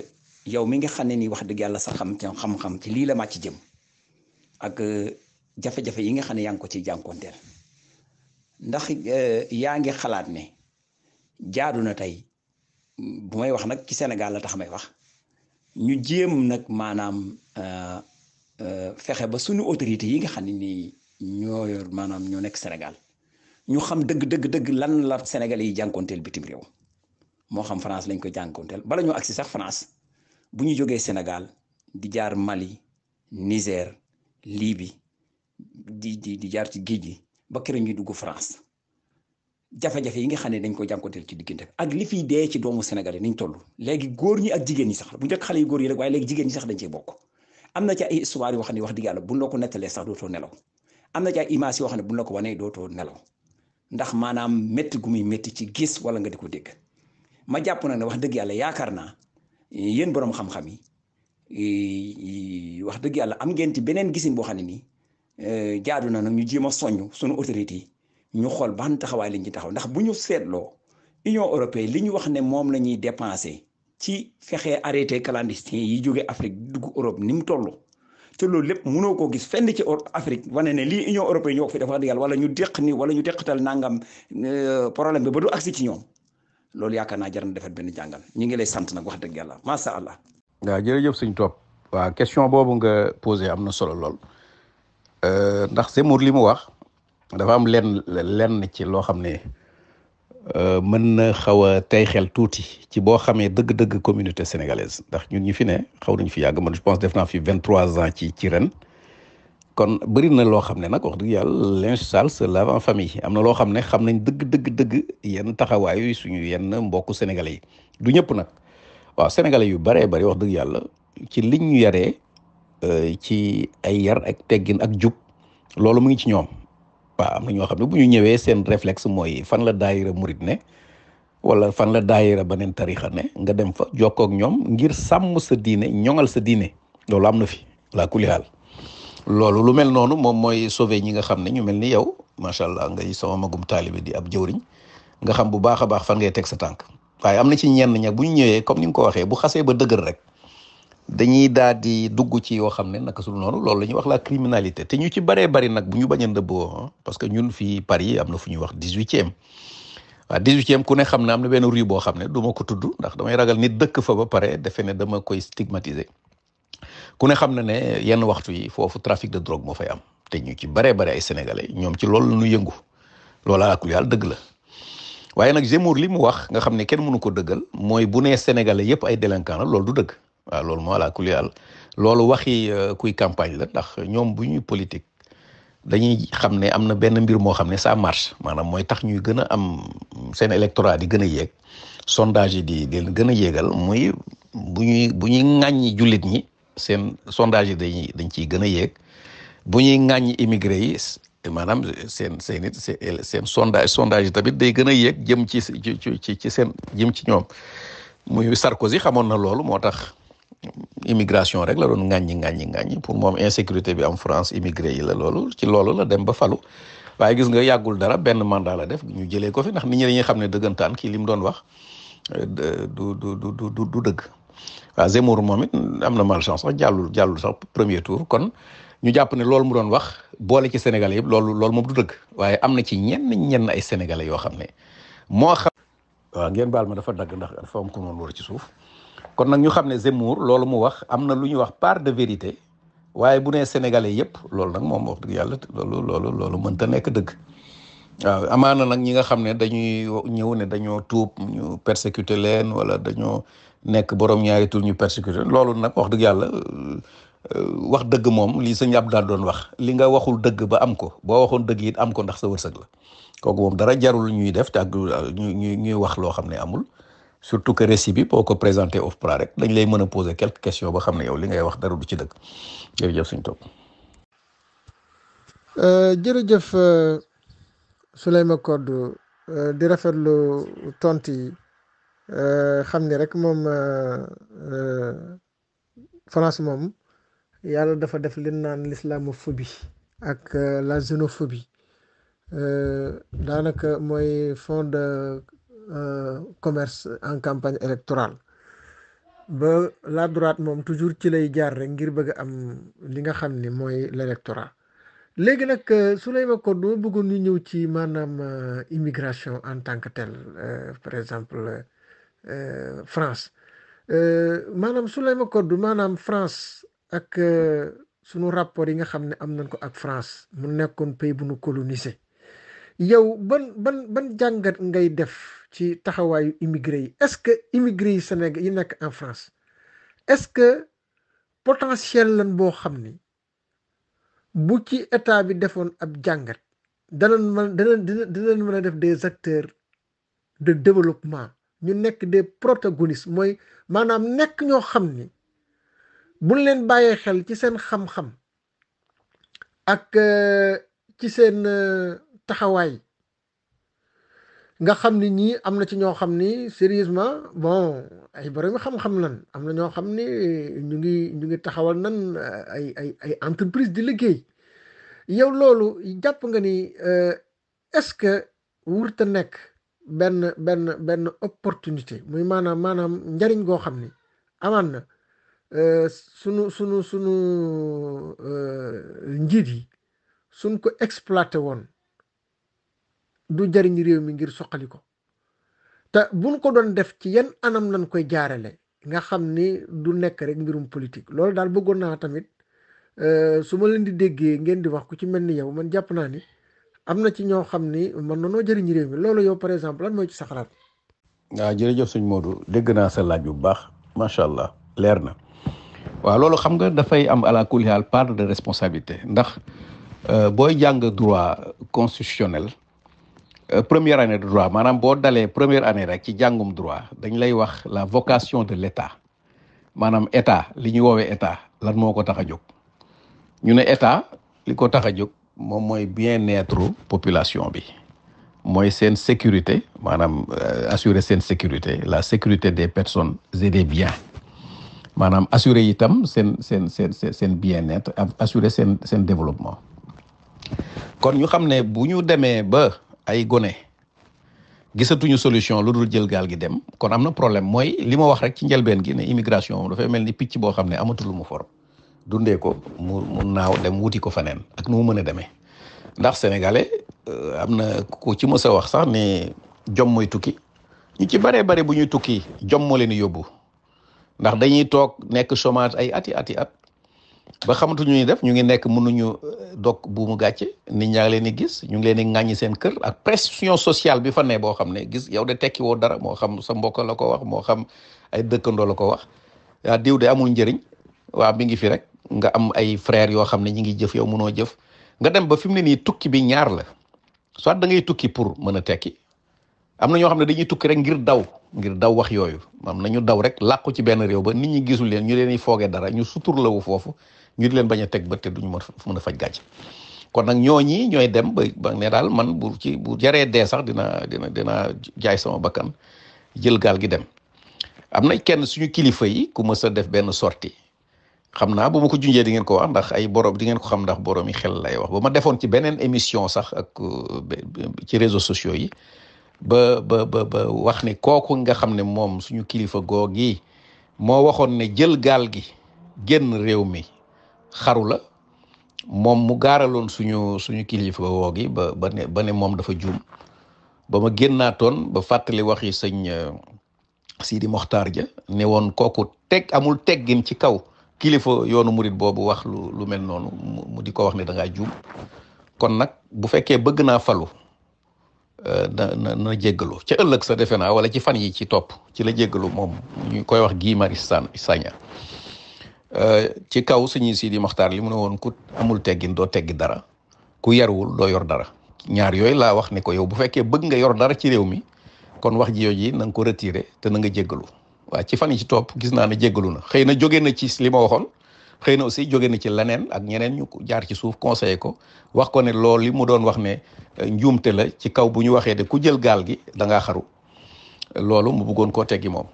yow mi nga xam ne nii wax dëgg yàlla sa xam xam ci lii la ci jëm ak euh, jafe-jafe yi nga xam ne yaa ngi ko ciy jànkonteel ndax euh, yaa ngi xalaat ne jaaru na tey bu may wax nag ci Sénégal la tax may wax ñu jéem nag maanaam euh, fexe ba suñu autorités yi nga xam ne nii ñoo yor maanaam ñoo nekk Sénégal ñu xam dëgg dëgg dëgg lan la sénégal yi jànkonteel bitim réew moo xam France lañ ko jànkonteel bala ñoo agsi sax France bu ñu jógee Sénégal di jaar Mali Niger. lii bi di di di jaar ci géej gi ba kër ñuy dugg France jafe-jafe yi nga xam ne dañ ko jànkuwanteel ci diggante ak li fiy dee ci doomu Sénégal yi niñ toll léegi góor ñi ak jigéen ñi sax bu njëkk xale yu góor yi rek waaye léegi jigéen ñi sax dañ cee bokk am na ci ay histoire yoo ne wax dëgg yàlla buñ la ko nettalee sax dootoo nelaw am na ci ay image yoo xam ne buñ la ko wanee dootoo nelaw ndax maanaam métti gu muy métti ci gis wala nga di ko dégg ma jàpp nag ne wax dëgg yàlla yaakaar naa yéen borom xam-xam yi Eh, eh, wax dëgg yàlla am ngeen ci beneen gisin boo xam ne nii eh, jaadu na nag ñu jéem a soññ suñu autorité yi ñu xool ban taxawaay lañ ci taxaw ndax bu ñu seetloo Union européenne li ñu wax ne moom la ñuy dépensé ci fexe arrêté clandestin yi jóge Afrique dugg Europe ni mu toll te loolu lépp mënoo ko gis fenn ci Afrique wane ne lii Union européenne ñoo fi def yàlla wala ñu deq ni wala ñu deqatal nangam problème bi ba du agsi ci ñoom loolu yaakaar naa jar na benn jàngal ñu ngi lay sant nag wax dëgg macha allah. waa jërëjëf suñ topp waaw question boobu nga posé am na solo lool euh, ndax Zemmour li mu wax dafa am lenn lenn ci loo xam ne euh, mën na xaw a tey xel tuuti ci boo xamee dëgg-dëgg communauté sénégalaise ndax ñun ñi fi ne xaw nañ fi yàgg man je pense def naa fi ci ci ren kon bëri na loo xam ne nag wax dëgg yàlla linge sale se lave en famille am na loo xam ne xam nañ dëgg dëgg dëgg yenn taxawaayu suñu yenn mbokku sénégalais yi du ñëpp nag. waaw sénégalais yu baree bari wax dëgg yàlla ci liñ ñu yaree euh, ci ay yar ak teggin ak jub loolu mu ngi ci ñoom waaw am na ñoo xam ne bu ñu ñëwee seen réflexe mooy fan la daayira murit ne wala fan la daayira beneen tarixa ne nga dem fa jokkook ñoom ngir sàmm sa diine ñoŋal sa diine loolu am na fi la kulihal loolu lu mel noonu moom mooy sauver ñi nga xam ne ñu mel ni yow macha allah ngay sama magum taalibe di ab jëwriñ nga xam bu baax a baax fan ngay teg sa tànk waaye am na ci ñenn ñag bu ñu ñëwee comme ni nga ko waxee bu xasee ba dëgër rek dañuy daal di dugg ci yoo xam ne naka su noonu loolu la ñuy wax la criminalité te ñu ci baree bari nag bu ñu bañ a ndëbboo parce que ñun fii Paris am na fu ñuy wax dix-huitième waaw dix-huitième ku ne xam ne am na benn rue boo xam ne du ko tudd ndax damay ragal nit dëkk fa pare defe ne dama koy stigmatiser ku ne xam na ne yenn waxtu yi foofu trafic de drogue moo fay am te ñu ci baree bari ay ñoom ci loolu la ñu yëngu loolu yàlla dëgg la. waaye nag Zemmour li mu wax nga xam ne kenn mënu ko dëggal mooy bu nee sénégalais yëpp ay délinquant la loolu du dëgg waaw loolu moo la ku yàlla loolu waxi euh, kuy campagne la ndax ñoom bu ñuy politique dañuy xam ne am na benn mbir moo xam ne ça marche maanaam mooy tax ñuy gën a am seen électorat di gën a yéeg sondage yi di di gën a yéegal muy bu ñuy bu ñuy ŋàññi jullit ñi seen sondage yi dañuy dañ ciy gën a yéeg bu ñuy ŋàññi immigré yi maanaam seen seen it seen sondage sondage tamit day gën a yéeg jëm ci ci ci seen jëm ci ñoom muy Sarkozy xamoon na loolu moo tax immigration rek la doon ŋàññi ŋàññi ŋàññi pour moom insécurité bi am France immigré yi la loolu ci loolu la dem ba falu waaye gis nga yàggul dara benn mandat la def ñu jëlee ko fi ndax nit ñi dañuy xam ne dëggantaan ki li mu doon wax euh, du du du du dëgg waaw Zemmour moom it am na malchance sax jàllul jàllul sax premier tour kon ñu jàpp ne loolu mu doon wax boole ci sénégalais yëpp loolu loolu moom du dëgg waaye am na ci ñenn ñenn ay sénégalais yoo xam ne moo xam. waaw ngeen ma dafa dagg ndax dafa am ku noonu war ci suuf kon nag ñu xam ne Zemmour loolu mu wax am na lu ñuy wax part de vérité waaye bu nee sénégalais yëpp loolu nag moom wax dëgg yàlla loolu loolu loolu mënta nekk dëgg. waaw amaana nag ñi nga xam ne dañuy ñëw ne dañoo tuub ñu persécuter leen wala dañoo nekk borom ñaari ñu persécuter loolu nag wax dëgg yàlla wax dëgg moom lii sëñ Abdou daal doon wax li nga waxul dëgg ba am ko boo waxoon dëgg it am ko ndax sa wërsëg la kooku moom dara jarul ñuy def te ak ñuy ñuy wax loo xam ne amul surtout que récit bi boo ko présenté off rek dañ lay mën a poser quelques questions ba xam ne yow li ngay wax dara du ci dëgg jërëjëf sëñ Top. Euh, jërëjëf euh, ma Codou euh, di rafetlu tontu yi xam ni rek moom France moom. yàlla dafa def li naan l'islamophobie ak euh, la xénophobie euh, daanaka mooy fond de euh, commerce en campagne électorale ba la droite moom toujours ci lay jaar rek ngir bëgg am li nga xam ni mooy l'électorat léegi nag Souleymane Code dama bëggoon ñu ñëw ci maanaam immigration en tant que tel par exemple France maanaam Souleymane Code maanaam France ak euh, sunu rapport yi nga xam ne am nañ ko ak France mu nekkoon pays bu nu colonisé yow ban ban ban jàngat ngay def ci taxawaayu immigré yi est-ce que immigré yi Sénégal yi nekk en France est-ce que potentiel lan boo xam ni bu ci état bi defoon ab jàngat danañ mën danañ dinañ mën a def des acteurs de développement ñu nekk de protagonistes mooy maanaam nekk ñoo xam ni buñ leen bàyyee xel ci seen xam-xam ak euh, ci seen euh, taxawaay nga xam ni ñii am na ci ñoo xam ni sérieusement bon ay borom xam-xam lan am na ñoo xam ni ñu ngi ñu ngi taxawal nan euh, ay ay ay entreprise di liggéey yow loolu jàpp nga ni est-ce que wurta nekk benn benn benn opportunité muy maanaam maanaam njariñ goo xam ni amaan na sunu sunu sunu njiit yi suñ ko exploité woon du jariñ réew mi ngir soqali ko te buñ ko doon def ci yan anam lañ koy jaarale nga xam ni du nekk rek mbirum politique loolu daal bëggoon naa tamit su ma leen di déggee ngeen di wax ku ci mel ni yow man jàpp naa ni am na ci ñoo xam ni mën na noo jëriñ réew mi loolu yow par exemple lan mooy ci sa xalaat. waaw jërëjëf sëñ Modou dégg naa sa laaj bu baax macha allah leer na. waaw loolu xam nga dafay am à la kullihaal part de responsabilité ndax euh, booy jàng droit constitutionnel euh, première année de droit maanaam boo dalee première année rek ci jàngum droit dañ lay wax la vocation de l'État maanaam état li ñu woowee état lan moo ko tax a jóg ñu ne état li ko tax a jóg moom mooy bien-être population bi mooy seen sécurité maanaam euh, assurer seen sécurité la sécurité des personnes et des biens maanaam assurer itam seen seen seen seen bien-être assurer seen seen développement kon ñu xam ne bu ñu demee ba ay gone gisatuñu solution lu dul jël gaal gi dem kon am na problème mooy li ma wax rek ci njëlbeen gi ne immigration dafay mel ni picc boo xam ne amatul lu mu for dundee ko mu mu naaw dem wuti ko feneen ak nu mu mën a demee ndax sénégalais euh, am na ku ci mës a wax sax ne jom mooy tukki ñu ci baree bari bu ñuy tukki jom moo leen yóbbu ndax dañuy toog nekk chômage ay ati ati at ba xamatuñu ñu def ñu ngi nekk mënuñu euh, dog buumu gàcce nit ñaa ngi leen gis ñu ngi leen di ŋàññi seen kër ak pression sociale bi fa ne boo xam ne gis yow de tekki woo dara moo xam sa mbokk la ko wax moo xam ay dëkkandoo la ko wax waa diw de amul njëriñ waa mi ngi fi rek nga am ay frère yoo xam ne ñi ngi jëf yow mënoo jëf nga dem ba fi mu ne nii tukki bi ñaar la soit da ngay tukki pour mën a tekki am na ñoo xam ne dañuy tukki rek ngir daw ngir daw wax yooyu am na ñu daw rek làqu ci benn réew ba nit ñi gisul leen ñu leen di foogee dara ñu suturlawu foofu ñu di leen bañ a teg ba te duñu mën a faj gàcc kon nag ñooñi ñooy dem ba ba ne daal man bu ci bu jaree dee sax dina dina dina jaay sama bakkan jël gaal gi dem am na kenn suñu kilifa yi ku mës a def benn sortie xam naa bu ma ko junjee di ngeen ko wax ndax ay borom di ngeen ko xam ndax borom yi xel lay wax ba ma defoon ci beneen émission sax ak euh, ci réseau sociaux yi ba ba ba ba wax ni kooku nga xam ne moom suñu kilifa goog yi moo waxoon ne jël gaal gi génn réew mi xarula moom mu gaaraloon suñu suñu kilifa goog ba ne moom dafa juum ba ma génnaatoon ba fàttali wax yi sëñ euh, Sidi Mokhtar ja ne woon kooku teg amul teggin ci kaw kilifa yoonu murit boobu wax lu mel noonu mu di ko wax ne da ngaa juum kon nag bu fekkee bëgg naa falu Euh, na na na jéggalu ca ëllëg sa defe naa wala ci fan yi ci topp ci la jéggalu moom ñu koy wax Guy Marius Sagna euh, ci kaw suñuy Sidi Moxtaar li mu ne woon ku amul teggin doo teggi dara ku yarwul doo yor dara ñaar yooyu laa wax ne ko yow bu fekkee bëgg nga yor dara ci réew mi kon wax ji yooyu na nga ko retiré te na nga jéggalu waaw ci fan yi ci topp gis naa ne jéggalu na xëy na jóge na ci li ma waxoon xëy na aussi jóge na ci leneen ak ñeneen ñu jaar ci suuf conseillé ko wax ko ne loolu li mu doon wax ne euh, njuumte la ci kaw bu ñu waxee de ku jël gaal gi da ngaa xaru loolu mu bëggoon koo teggi moom.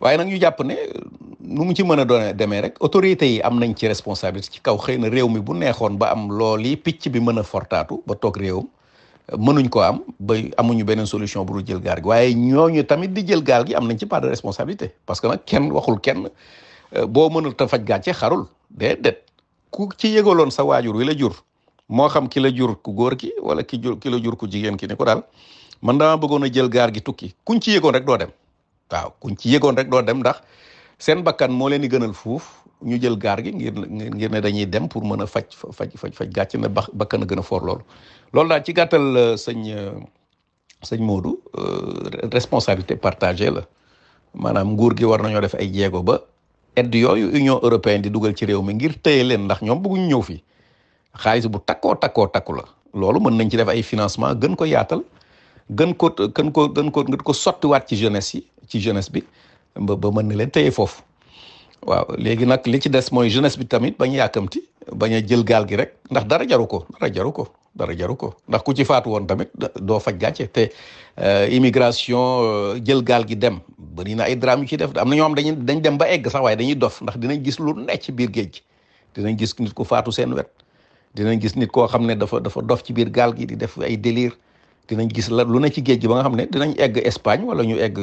waaye nag ñu jàpp ne euh, nu mu ci mën a doon demee rek autorité yi am nañ ci responsabilité ci kaw xëy na réew mi bu neexoon ba am lool yi picc bi mën a fortaatu ba toog réewam euh, mënuñ ko am ba amuñu beneen solution bu dul jël gaal gi waaye ñooñu tamit di jël gaal gi am nañ ci part parce que nag kenn waxul kenn boo mënul ta faj gàcce xarul. déedéet ku ci yëgaloon sa waajur wi la jur moo xam kilo jur ku góor ki wala ki jur ki jur ku jigéen ki ni ko daal man dama bëggoon a jël gaar gi tukki kuñ ci yëgoon rek doo dem waaw kuñ ci yëgoon rek doo dem ndax seen bakkan moo leen di gënal fuuf ñu jël gaar gi ngir ngir ne dañuy dem pour mën a faj faj faj faj gàcc ne ba bakkan a gën a foor loolu loolu daal ci gàttal euh, sëñ moodu euh, Modou euh, responsabilité partagé la maanaam nguur gi war nañoo def ay jéego ba aide yooyu union européenne di dugal ci réew mi ngir téye leen ndax ñoom bëgguñ ñëw fi xaalis bu takkoo takkoo takku la loolu mën nañ ci def ay financement gën ko yaatal gën ko gën ko gën ko gën ko sottiwaat ci jeunesse yi ci jeunesse bi ba ba mën na leen téye foofu waaw léegi nag li ci des mooy jeunesse bi tamit bañ yàkkamti bañ a jël gaal gi rek ndax dara jaru ko dara jaru ko dara jaru ko ndax ku ci faatu woon tamit doo faj gàcce te euh, immigration euh, jël gaal gi dem bari na ay drame yu ci def am na ñoo xam dañuy dañ dem ba egg sax waaye dañuy dof ndax dinañ gis lu nekk ci biir géej gi dinañ gis nit ku faatu seen wet dinañ gis nit koo xam ne dafa dafa dof ci biir gaal gi di def ay délire dinañ gis la lu ne ci géej gi ba nga xam ne dinañ egg Espagne wala ñu egg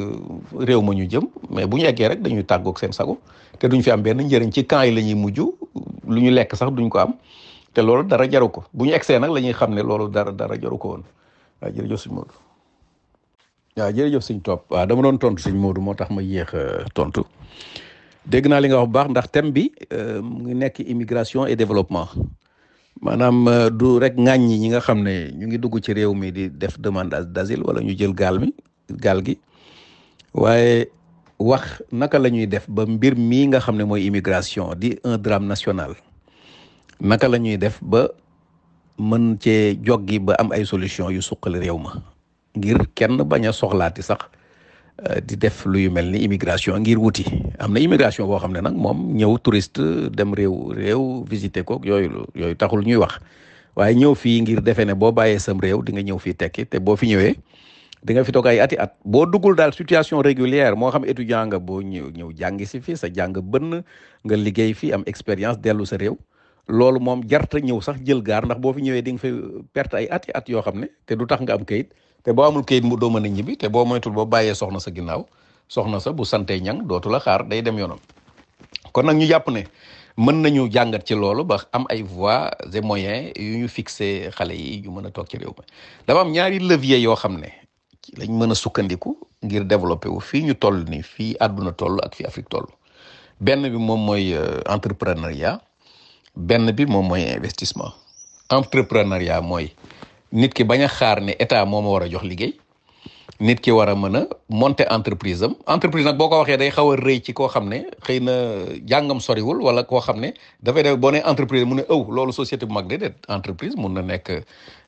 réew ma ñu jëm mais bu ñu eggee rek dañuy tàggoog seen sago te duñ fi am benn njëriñ ci camp yi lañuy ñuy mujj lu ñu lekk sax duñ ko am te loolu dara jaru ko bu ñu egsee nag la ñuy xam ne loolu dara dara jaru ko woon waaw jërëjëf sëñ Modou waaw jërëjëf sëñ Topp waaw dama doon tontu sëñ Modou moo tax ma yéex euh, tontu dégg naa li nga wax bu baax ndax thème bi euh, mu ngi nekk immigration et développement maanaam euh, du rek ŋàññi ñi nga xam ne ñu ngi dugg ci réew mi di def demande d'asile wala ñu jël gaal mi gaal gi waaye wax naka la ñuy def ba mbir mii nga xam ne mooy immigration di un drame national naka la ñuy def ba mën cee joggi ba am ay solution yu suqali réew ma ngir kenn bañ a soxlaati sax euh, di def luy mel ni immigration ngir wuti am na immigration boo xam ne nag moom ñëw touriste dem réew réew visiter kook yooyu yooyu taxul ñuy wax waaye ñëw fii ngir defee ne boo bàyyee sam réew di nga ñëw fii tekki te boo fi ñëwee di nga fi toog ay ati at boo duggul daal situation régulière moo xam étudiant nga boo ñëw ñëw jàngi si fii sa jàng bënn nga liggéey fii am expérience dellu sa réew loolu moom jarta ñëw sax jël gaar ndax boo fi ñëwee di nga fay perte ay at at yoo xam ne te du tax nga am kayit te boo amul kayit mu doo mën a ñibbi te boo moytul boo bàyyee soxna sa ginnaaw soxna sa bu santee ñang dootu la xaar day dem yoonam kon nag ñu jàpp ne mën nañu jàngat ci loolu ba am ay voies et moyens yu ñu fixé xale yi ñu mën a toog ci réew mi dafa am ñaari levier yoo xam ne lañ mën a sukkandiku ngir développé wu fii ñu toll nii fii àdduna toll ak fii Afrique toll benn bi moom mooy euh, entrepreneuriat benn bi moom mooy investissement entrepreneuriat mooy nit ki bañ a xaar ne état moo ma war a jox liggéey nit ki war a mën a monter entreprise am entreprise nag boo ko waxee day xaw a rëy ci koo xam ne xëy na jàngam soriwul wala koo xam ne dafay def boo nee entreprise mu ne ëw oh, loolu société bu mag déedéet entreprise mun na nekk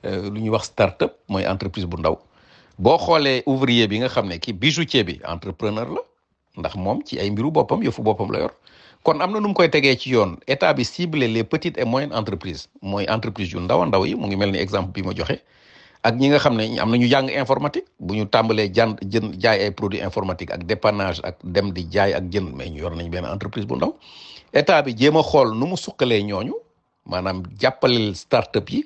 euh, lu ñuy wax start-up mooy entreprise bu ndaw boo xoolee ouvrier bi nga xam ne kii bijoutier bi entrepreneur la ndax moom ci ay mbiru boppam yëfu boppam la yor kon am na nu mu koy tegee ci yoon état bi cible les petites et moyennes entreprises mooy entreprise yu ndaw a ndaw yi mu ngi mel ni exemple bi ma joxe ak ñi nga xam ne am na ñu jàng informatique bu ñu tàmbalee jàn jën jaay ay produits informatique ak dépannage ak dem di jaay ak jën mais ñu yor nañ benn entreprise bu ndaw état bi jéem a xool nu mu sukkalee ñooñu maanaam jàppaleel start-up yi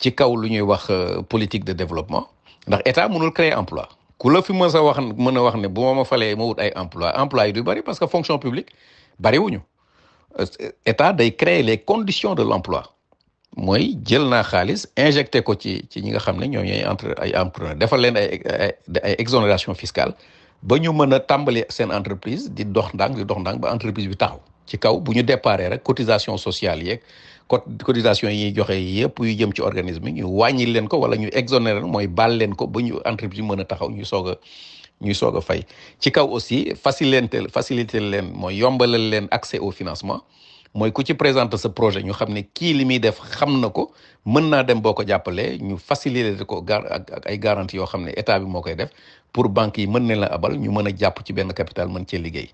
ci kaw lu ñuy wax euh, politique de développement ndax état mënul créer emploi ku la fi mën sa wax mën a wax ne bu ma falee ma wut ay emploi emploi yi du bari parce que fonction publique bariwuñu état day créer les conditions de l'emploi mooy jël naa xaalis injecté ko ci ci ñi nga xam ne ñoom ñooy entre ay entrepreneur defal leen ay ay exonération fiscale ba ñu mën a tàmbali seen entreprise di dox ndang di dox ndànk ba entreprise bi taxaw ci kaw bu ñu déparé rek cotisation sociale yeeg cotisation yi ñuy joxe yëpp yu jëm ci organisme yi ñu wàññi leen ko wala ñu exonéré mooy baal leen ko ba ñu entreprise bi mën a taxaw ñu soog a ñuy soog a fay ci kaw aussi faciliter faciliter leen mooy yombalal leen accès au financement mooy ku ci présenter sa projet ñu xam ne kii li muy def xam na ko mën naa dem boo ko jàppalee ñu faciliter ko gar ak ay garantie yoo xam ne état bi moo koy def pour banque yi mën na la abal ñu mën a jàpp ci benn capital mën cee liggéey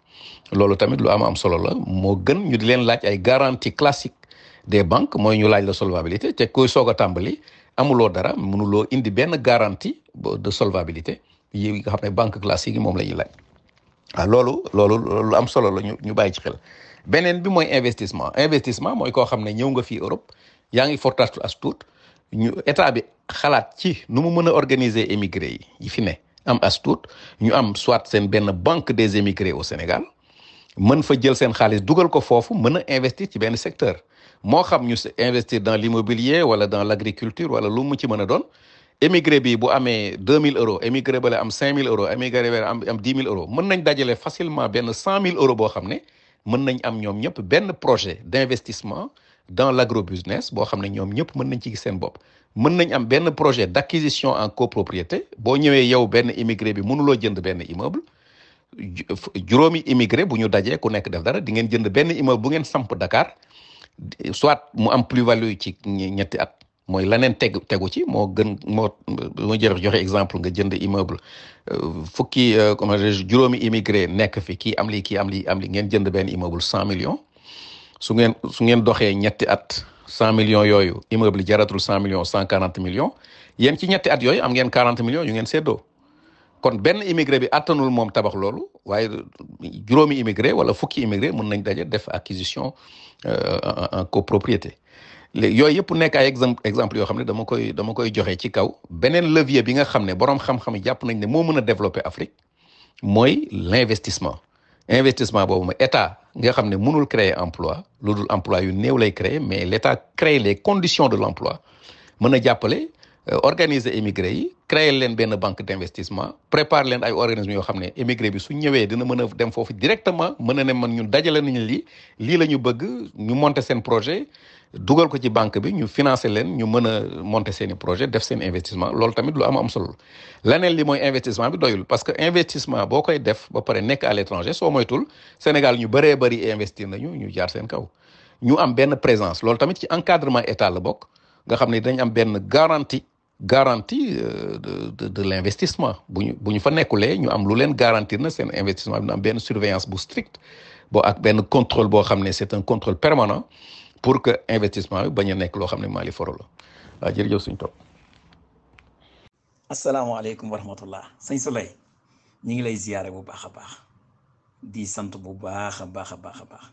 loolu tamit lu am am solo la moo gën ñu di leen laaj ay garantie classique des banque mooy ñu laaj la solvabilité te kuy soog a tàmbali amuloo dara mënuloo indi benn garantie de solvabilité yi nga xam ne banque classique yi moom la ñuy laaj loolu loolu am solo la ñu ñu bàyyi ci xel beneen bi mooy investissement investissement mooy koo xam ne ñëw nga fii Europe yaa ngi fortaatu as tuut ñu état bi xalaat ci nu mu mën a organiser émigré yi yi fi ne am as ñu am soit seen benn banque des émigrés au Sénégal mën fa jël seen xaalis dugal ko foofu mën a investir ci benn secteur moo xam ñu investir dans l'immobilier wala dans l'agriculture wala lu mu ci mën a doon émigré bi bu amee deux mille euros émigré bale am cinq mille euros émigré bale am am dix mille euros mën nañ dajale facilement benn cent mille euros boo xam ne mën nañ am ñoom ñëpp benn projet d'investissement dans business boo xam ne ñoom ñëpp mën nañ ci gis seen bopp mën nañ am benn projet d'acquisition en copropriété boo ñëwee yow benn immigré bi mënuloo jënd benn immeuble juróomi immigré bu ñu dajee ku nekk def dara di ngeen jënd benn immeuble bu ngeen samp Dakar soit mu am plus-value ci ñetti at mooy leneen teg tegu ci moo gën moo ma jërëf joxe exemple nga jënd immeuble euh, fukki euh, comment dirais juróomi immigré nekk fi kii am lii ki am lii am li ngeen jënd benn immeuble cent millions su ngeen su ngeen doxee ñetti at cent millions yooyu immeuble jaratul cent million cent quarante yéen ci ñetti at yooyu am ngeen quarante millions yu ngeen séddoo kon benn immigré bi attanul moom tabax loolu waaye juróomi immigré wala fukki immigré mën nañ daje def acquisition euh, en copropriété léegi yooyu yëpp nekk ay exemple exemple yoo xam ne dama koy dama koy joxe ci kaw beneen levier bi nga xam ne boroom xam-xam yi jàpp nañ ne moo mën a développer Afrique mooy l'investissement investissement boobu ma état nga xam ne mënul créer emploi lu dul emploi yu néew lay créer mais l'état crée les conditions de l'emploi mën a jàppale euh, organiser émigré yi créer leen benn banque d'investissement prépare leen ay organismes yoo xam ne émigré bi su ñëwee dina mën dem foofu directement mën a ne man ñun dajale nañu li lii la ñu bëgg ñu monter seen projet dugal ko ci banque bi ñu financer leen ñu mën a monter seen projet def seen investissement loolu tamit lu am am solo leneen li mooy investissement bi doyul parce que investissement boo koy def ba pare nekk à l'étranger soo moytul Sénégal ñu bëree bari investir nañu ñu jaar seen kaw ñu am benn présence loolu tamit ci encadrement état la bokk nga xam ne dañ am benn garantie garanti euh, de de de l'investissement bu ñu bu ñu fa nekkulee ñu am lu leen garantir na seen investissement am benn surveillance bu stricte boo ak benn contrôle boo xam ne c'est un contrôle permanent pour que investissement bi bañ a nekk loo xam ne maali foro la waaw jërëjëf suñ toog asalaamaaleykum wa rahmatullah sëñ Souleye ñu ngi lay ziyaare bu baax a baax di sant bu baax a baax a baax a baax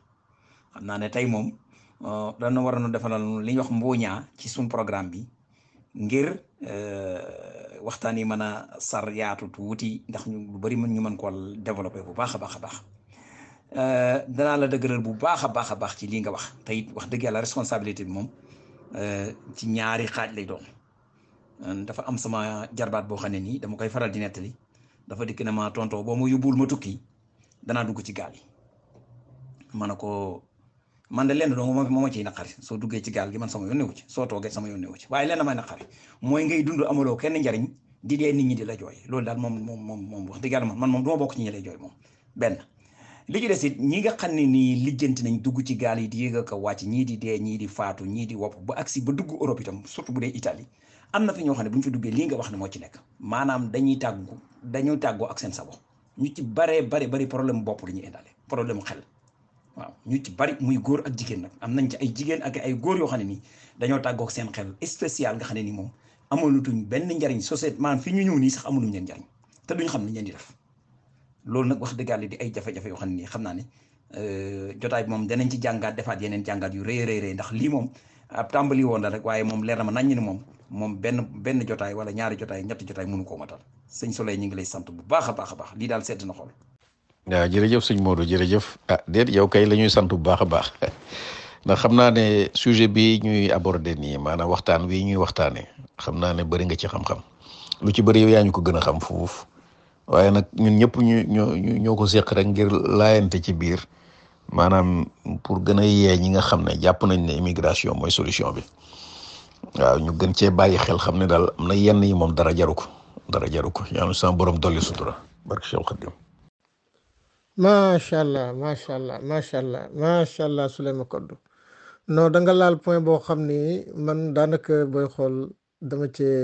xam naa ne tey moom euh, dana war a defalal li ñuy wax mbooñaa ci suñ programme bi ngir euh, waxtaan yi mën a sar yaatu tuuti ndax ñu lu bari mën ñu mën koo développé bu baax a baax a baax Euh, danaa la dëgëral bu baax a baax a baax ci lii nga wax te wax dëgg yàlla responsabilité bi moom euh, ci ñaari xaaj lay doon euh, dafa am sama jarbaat boo xam ne nii dama koy faral di nettali dafa dikk ne ma tonto boo ma yóbbul ma tukki danaa dugg ci gaal yi ma ne ko man de lenn dong ma ciy naqari soo duggee ci gaal gi man sama yoon newu ci soo toogee sama yoon newu ci waaye lenn may naqari mooy ngay dund amaloo kenn njariñ di dee nit ñi di la jooy loolu daal moom moom moom wax dëgg yàlla man moom du ma bokk ci ñi lay jooy moom benn li ci des it ñi nga xam ne nii lijjanti nañ dugg ci gaal yi di yéeg ko wàcc ñii di dee ñii di faatu ñii di wopp ba agsi ba dugg Europe itam surtout bu dee Italie am na fi ñoo xam ne bu fi duggee lii nga wax ne ci nekk maanaam dañuy tàggu dañuy tàggoo ak seen sabo ñu ci baree bari bari problème bopp la ñuy indaale problème xel waaw ñu ci bari muy góor ak jigéen nag am nañ ci ay jigéen ak ay góor yoo xam ne nii dañoo tàggoog seen xel spécial nga xam ne ni moom amalutuñ benn njariñ société maanaam fi ñu ñëw nii sax amaluñ leen njariñ te duñ xam ni leen di def loolu nag wax dëgg di ay jafe-jafe yoo xam ne nii xam naa ne euh, jotaay bi moom danañ ci jàngaat defaat yeneen jàngaat yu rëy rëy rëy ndax lii moom ab tàmbali woon la rek waaye moom leer na ma naññ ni moom moom benn benn jotaay wala ñaari jotaay ñetti jotaay mënu koo matal sëñ Soleil ñu ngi lay sant bu baax a baax baax lii daal sedd na xool. jërëjëf sëñ Modou jërëjëf ah déet kay la ñuy sant bu baax a baax ndax xam naa ne sujet bi ñuy aborder nii maanaam waxtaan wi ñuy waxtaanee xam naa ne bëri nga ci xam-xam lu ci bëri yow yaa ñu ko gën a xam fuuf waaye nag ñun ñëpp ñu ñoo ñoo ko seq rek ngir laayante ci biir maanaam pour gën a yee ñi nga xam ne jàpp nañ ne immigration mooy solution bi waaw ñu gën cee bàyyi xel xam ne daal am na yenn yi moom dara jaru ko dara jaru ko yaanu sama borom dolli sutura barke Cheikh Khadim macha allah macha allah macha allah macha allah Souleymane Koddu non da nga laal point boo xam ni man daanaka booy xool dama cee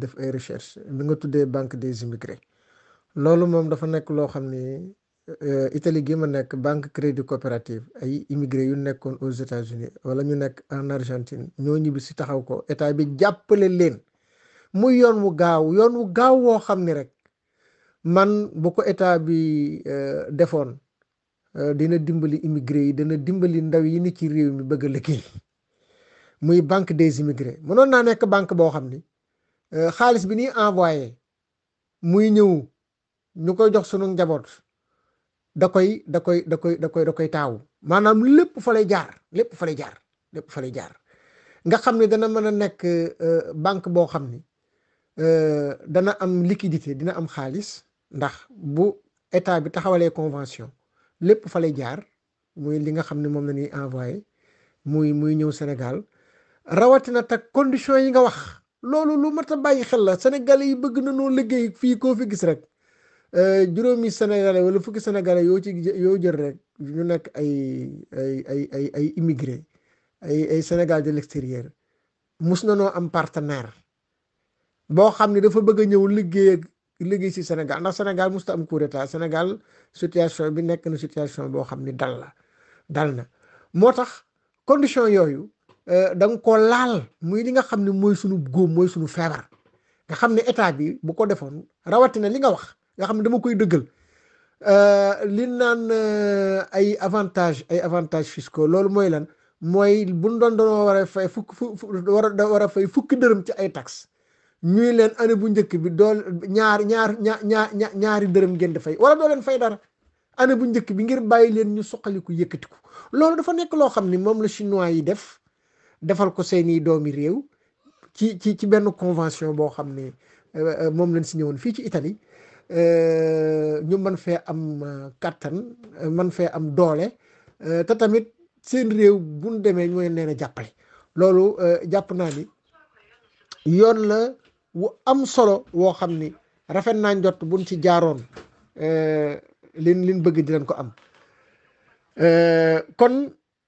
def ay recherche bi nga tuddee banque des immigrés loolu moom dafa nekk loo xam ni euh, Italie gi ma nekk banque crédit coopérative ay immigré yu nekkoon aux États-Unis wala ñu nekk en Argentine ñoo ñibbi si taxaw ko état bi jàppale leen muy yoon wu gaaw yoon wu gaaw woo xam ni rek man bu ko état bi euh, defoon euh, dina dimbali immigré yi dana dimbali ndaw yi ni ci réew mi bëgg a liggéey muy banque des immigrés mënoon naa nekk banque boo xam ni xaalis bi ñuy envoyé muy ñëw. ñu koy jox sunu njaboot da koy da koy da koy da koy da koy taawu maanaam lépp fa lay jaar lépp fa lay jaar lépp fa lay jaar nga xam ne dana mën a nekk euh, banque boo xam ni euh, dana am liquidité dina am xaalis ndax bu état bi taxawalee convention lépp fa lay jaar muy li nga xam ne moom la ñuy envoyé muy muy ñëw Sénégal rawatina tak condition yi nga wax loolu lu mat a bàyyi xel la Sénégalais yi bëgg na noo liggéey fii koo fi gis rek Eh, juróomi sénégalais wala fukki sénégalais yoo ci yoo jël rek ñu nekk ay ay ay ay ay immigré ay ay Sénégal de l'extérieur mus na noo am partenaire boo xam ne dafa bëgg a ñëw liggéey ak liggéey si Sénégal ndax Sénégal musta am coup d'état Sénégal situation bi nekk na situation boo xam ni dal la dal na moo tax condition yooyu eh, da nga ko laal muy li nga xam ne mooy sunu góom mooy sunu feebar nga xam ne état bi bu ko defoon rawatina li nga wax nga xam ne dama koy dëggal euh, li naan euh, ay avantage ay avantage fiscaux loolu mooy lan mooy bu doon doon war a fay fukk war a fay fukki dërëm ci ay taxes ñuy leen année bu njëkk bi dool ñaar ñaar ñaar ñaar ñaari dërëm ngeen di fay wala doo leen fay dara année bu njëkk bi ngir bàyyi leen ñu suqaliku yëkkatiku loolu dafa nekk loo xam ni moom la chinois yi def defal ko seeni doomi réew ci ci ci benn convention boo xam ne euh, moom lañ signé woon fii ci Italie Euh, ñu mën fee am euh, kàttan euh, man fee am doole te tamit seen réew bu ñu demee ñooy leen a jàppale loolu jàpp naa ni yoon la wu am solo woo xam ni rafet naa njot buñ ci jaaroon lin liñ bëgg di ko am kon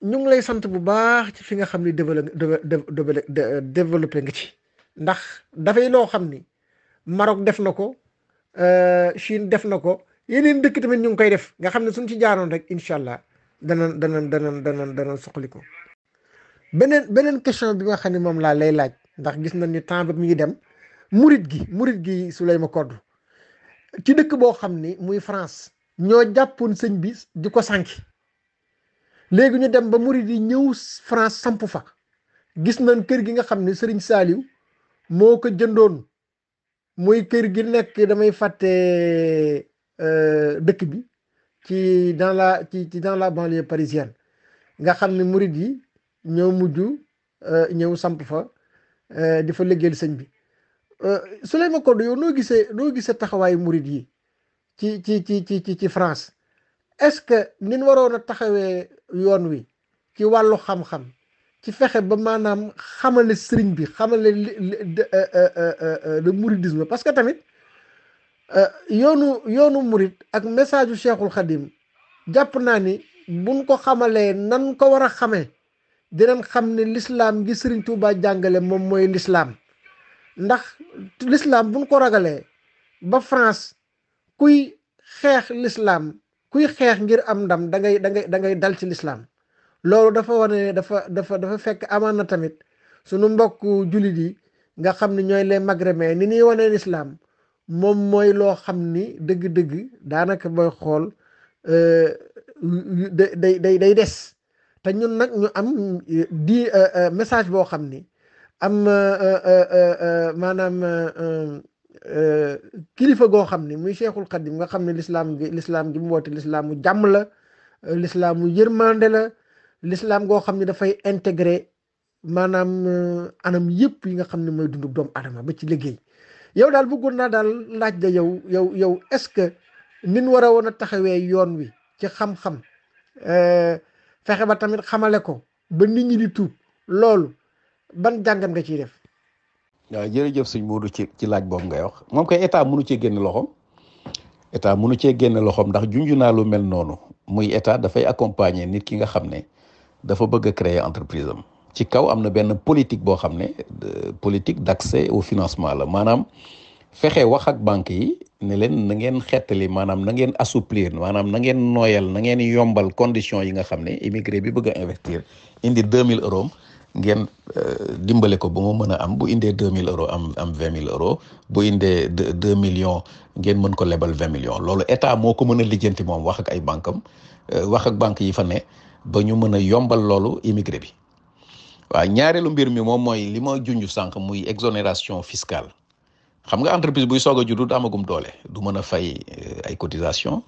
ñu ngi lay sant bu baax ci fi nga xam ni développé nga ci ndax dafay loo xam ni Maroc def na ko Euh, Chine def na ko yeneen dëkk tamit ñu ngi koy def nga xam ne suñ ci jaaroon rek incha allah danan danan danan danan danan soxli ko beneen beneen question bi nga xam ne moom laa lay laaj ndax gis nañ ni temps bi mi ngi dem murit gi murit gi su lay ma kodd ci dëkk boo xam ni muy France ñoo jàppoon sëñ bi di ko sànki léegi ñu dem ba murit yi ñëw France samp fa gis nañ kër gi nga xam ne sëriñ Saaliw moo ko jëndoon muy kër gi nekk damay fàtte euh, dëkk bi ci dans la ci ci dans la banlieue parisienne nga xam ni murid yi ñoo mujj euh, ñëw samp fa euh, di fa liggéeyal sëñ bi Souleymane Kodou yow noo gisee noo gisee taxawaayu murid yi ci ci ci ci ci France est-ce que nin waroon a taxawee yoon wi ci wàllu xam-xam ci fexe ba maanaam xamale sëriñ bi xamale euh, euh, euh, le mouridisme parce que tamit yoonu yoonu murid ak message yu Cheikhul jàpp naa ni buñ ko xamalee nan ko war a xamee dinañ xam ne l'islam gi sëriñ Touba jàngale moom mooy l'islam ndax lislaam buñ ko ragalee ba France kuy xeex lislaam kuy xeex ngir am ndam da ngay da da ngay dal ci lislaam loolu dafa wane dafa dafa dafa fekk amaan na tamit sunu mbokk jullit yi nga xam ni ñooy les maghrébins ni ñuy wanee lislaam moom mooy loo xam ni dëgg-dëgg daanaka ba xool euh, day day day des te ñun nag ñu am euh, di euh, message boo xam ni am maanaam kilifa goo xam ni muy cheikhul xadim nga xam ne lislaam gi lislaam gi mu woote lislaamu jàmm la lislaamu yërmande la lislaam goo xam ne dafay intégré maanaam euh, anam yëpp yi nga xam ne mooy dundu doom adama ba ci liggéey yow daal bëggoon naa daal laaj da yow yow yow est-ce que nin war a woon a taxawee yoon wi ci xam-xam euh, fexe ba tamit xamale ko ba nit ñi di tuub loolu ban jàngam nga ciy def waaw jërëjëf sëñ Modou ci ci laaj boobu ngay wax moom koy état mënu cee génn loxoom état mënu cee génn loxoom ndax junju naa lu mel noonu muy état dafay accompagner nit ki nga xam ne dafa bëgg a créer entreprise am ci kaw am na benn politique boo xam ne politique d'accès au financement la maanaam fexe wax ak banque yi ne leen na ngeen xettali maanaam na ngeen assouplir maanaam na ngeen nooyal na ngeen yombal conditions yi nga xam ne immigré bi bëgg a investir indi mille euros ngeen euh, dimbali ko ba mu mën a am bu indee deux 2000 euros am am 20000 euros bu indee 2 millions ngeen mën ko lebal 20 millions loolu état moo ko mën a lijjanti moom wax ak ay banque euh, wax ak banque yi fa ne ba ñu mën a yombal loolu immigré bi waaw ñaareelu mbir mi moom mooy li ma junj sànq muy exonération fiscale xam nga entreprise buy soog a juddu du amagum doole du mën a fay euh, ay cotisation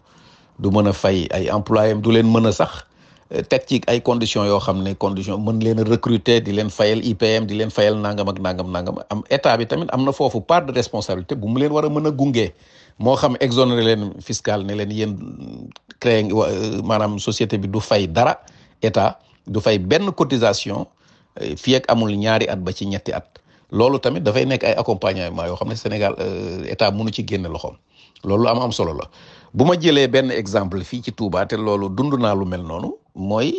du mën a fay ay employés du leen mën a sax euh, teg ci ay condition yoo xam ne condition mën leen a recruter di leen fayal IPM di leen fayal nangam ak nangam nangam am état bi tamit am na foofu part de responsabilité bu mu leen war a mën a gunge moo xam exonéré leen fiscal ne leen yéen créé euh, maanaam société bi du fay dara état du fay benn cotisation euh, fii ak amul ñaari at ba ci ñetti at loolu tamit dafay nekk ay accompagnement yoo xam ne Sénégal euh, état munu ci génne loxo loolu am am solo la bu ma jëlee benn exemple fii ci Touba te loolu dund naa lu mel noonu mooy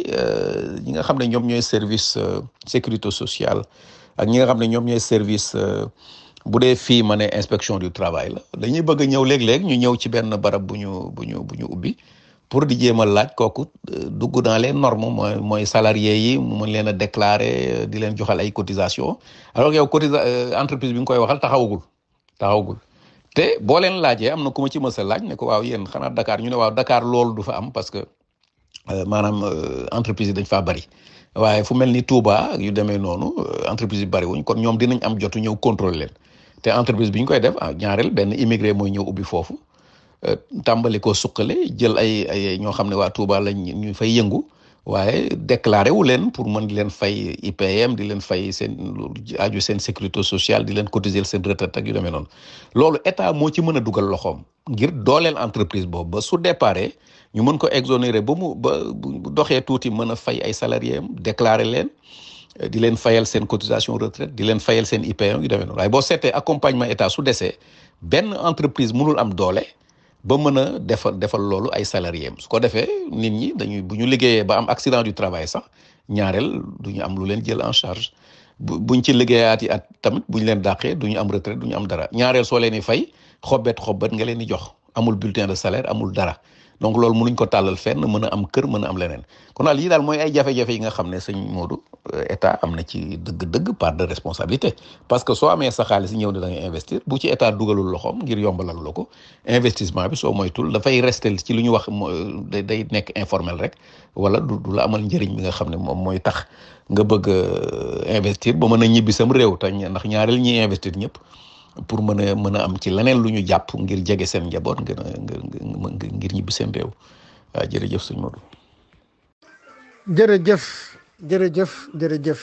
ñi nga xam ne ñoom ñooy service sécurité sociale ak ñi nga xam ne ñoom ñooy service bu dee fii ma ne inspection du travail la dañuy bëgg a ñëw léeg-léeg ñu ñëw ci benn barab bu ñu bu ñu bu ñu ubbi pour di jéem laaj kooku euh, dugg dans leen normes mooy mooy salariés yi mu mën leen a déclarer euh, di leen joxal ay cotisation alors yow cotisa euh, entreprise bi nga koy waxal taxawagul taxawagul te boo leen laajee am na ku ma ci mës a laaj ne ko waaw yéen xanaa Dakar ñu ne waaw Dakar loolu du fa am parce que maanaam entreprise yi faa bari waaye fu mel ni Touba yu demee noonu entreprise yi bari kon ñoom dinañ am jotu ñëw contrôler te entreprise bi ñu koy def ah, ñaareel benn immigré mooy ñëw ubbi foofu tàmbali ko suqale jël ay ay ñoo xam ne waa Touba lañ ñu fay yëngu waaye déclaré wu leen pour mën di leen fay IPM di leen fay seen aju seen sécurité sociale di leen cotiser seen retraite ak yu demee noonu loolu état moo ci mën a dugal loxoom ngir dooleel entreprise boobu ba su départ ñu mën ko exonérer ba mu ba doxee tuuti mën a fay ay salariés am leen di leen fayal seen cotisation retraite di leen fayal seen IPM yu demee noonu waaye boo seetee accompagnement état su desee benn entreprise mënul am doole. ba mën a defal defal loolu ay salariés su ko defee nit ñi dañuy bu ñu liggéeyee ba am accident du travail sax ñaareel du ñu am lu leen jël en charge bu buñ ci liggéeyaat yi at tamit bu ñu leen dàqee du ñu am retraite du ñu am dara ñaareel soo leen di fay xobbet xobbet nga leen di jox amul bulletin de salaire amul dara donc loolu nuñ ko tàllal fenn mën a am kër mën a am leneen kon daal yii daal mooy ay jafe-jafe yi nga xam ne sëñ Modou euh, état am na ci dëgg-dëgg par de responsabilité parce que soo amee sa xaalis ñëw ne da ngay investir bu ci état dugalul loxoom ngir yombalal la ko investissement bi soo moytul dafay restel ci lu ñu wax euh, day nekk informel rek wala du du la amal njëriñ bi nga xam ne moom mooy tax nga bëgg euh, investir ba mën a ñibbi sam réew te ndax ñaareel ñiy investir ñëpp pour mën a mën a am ci leneen lu ñu jàpp ngir jege seen njaboot ngir ngir ñibbi seen réew waaw jërëjëf sëñ Modou. jërëjëf jërëjëf jërëjëf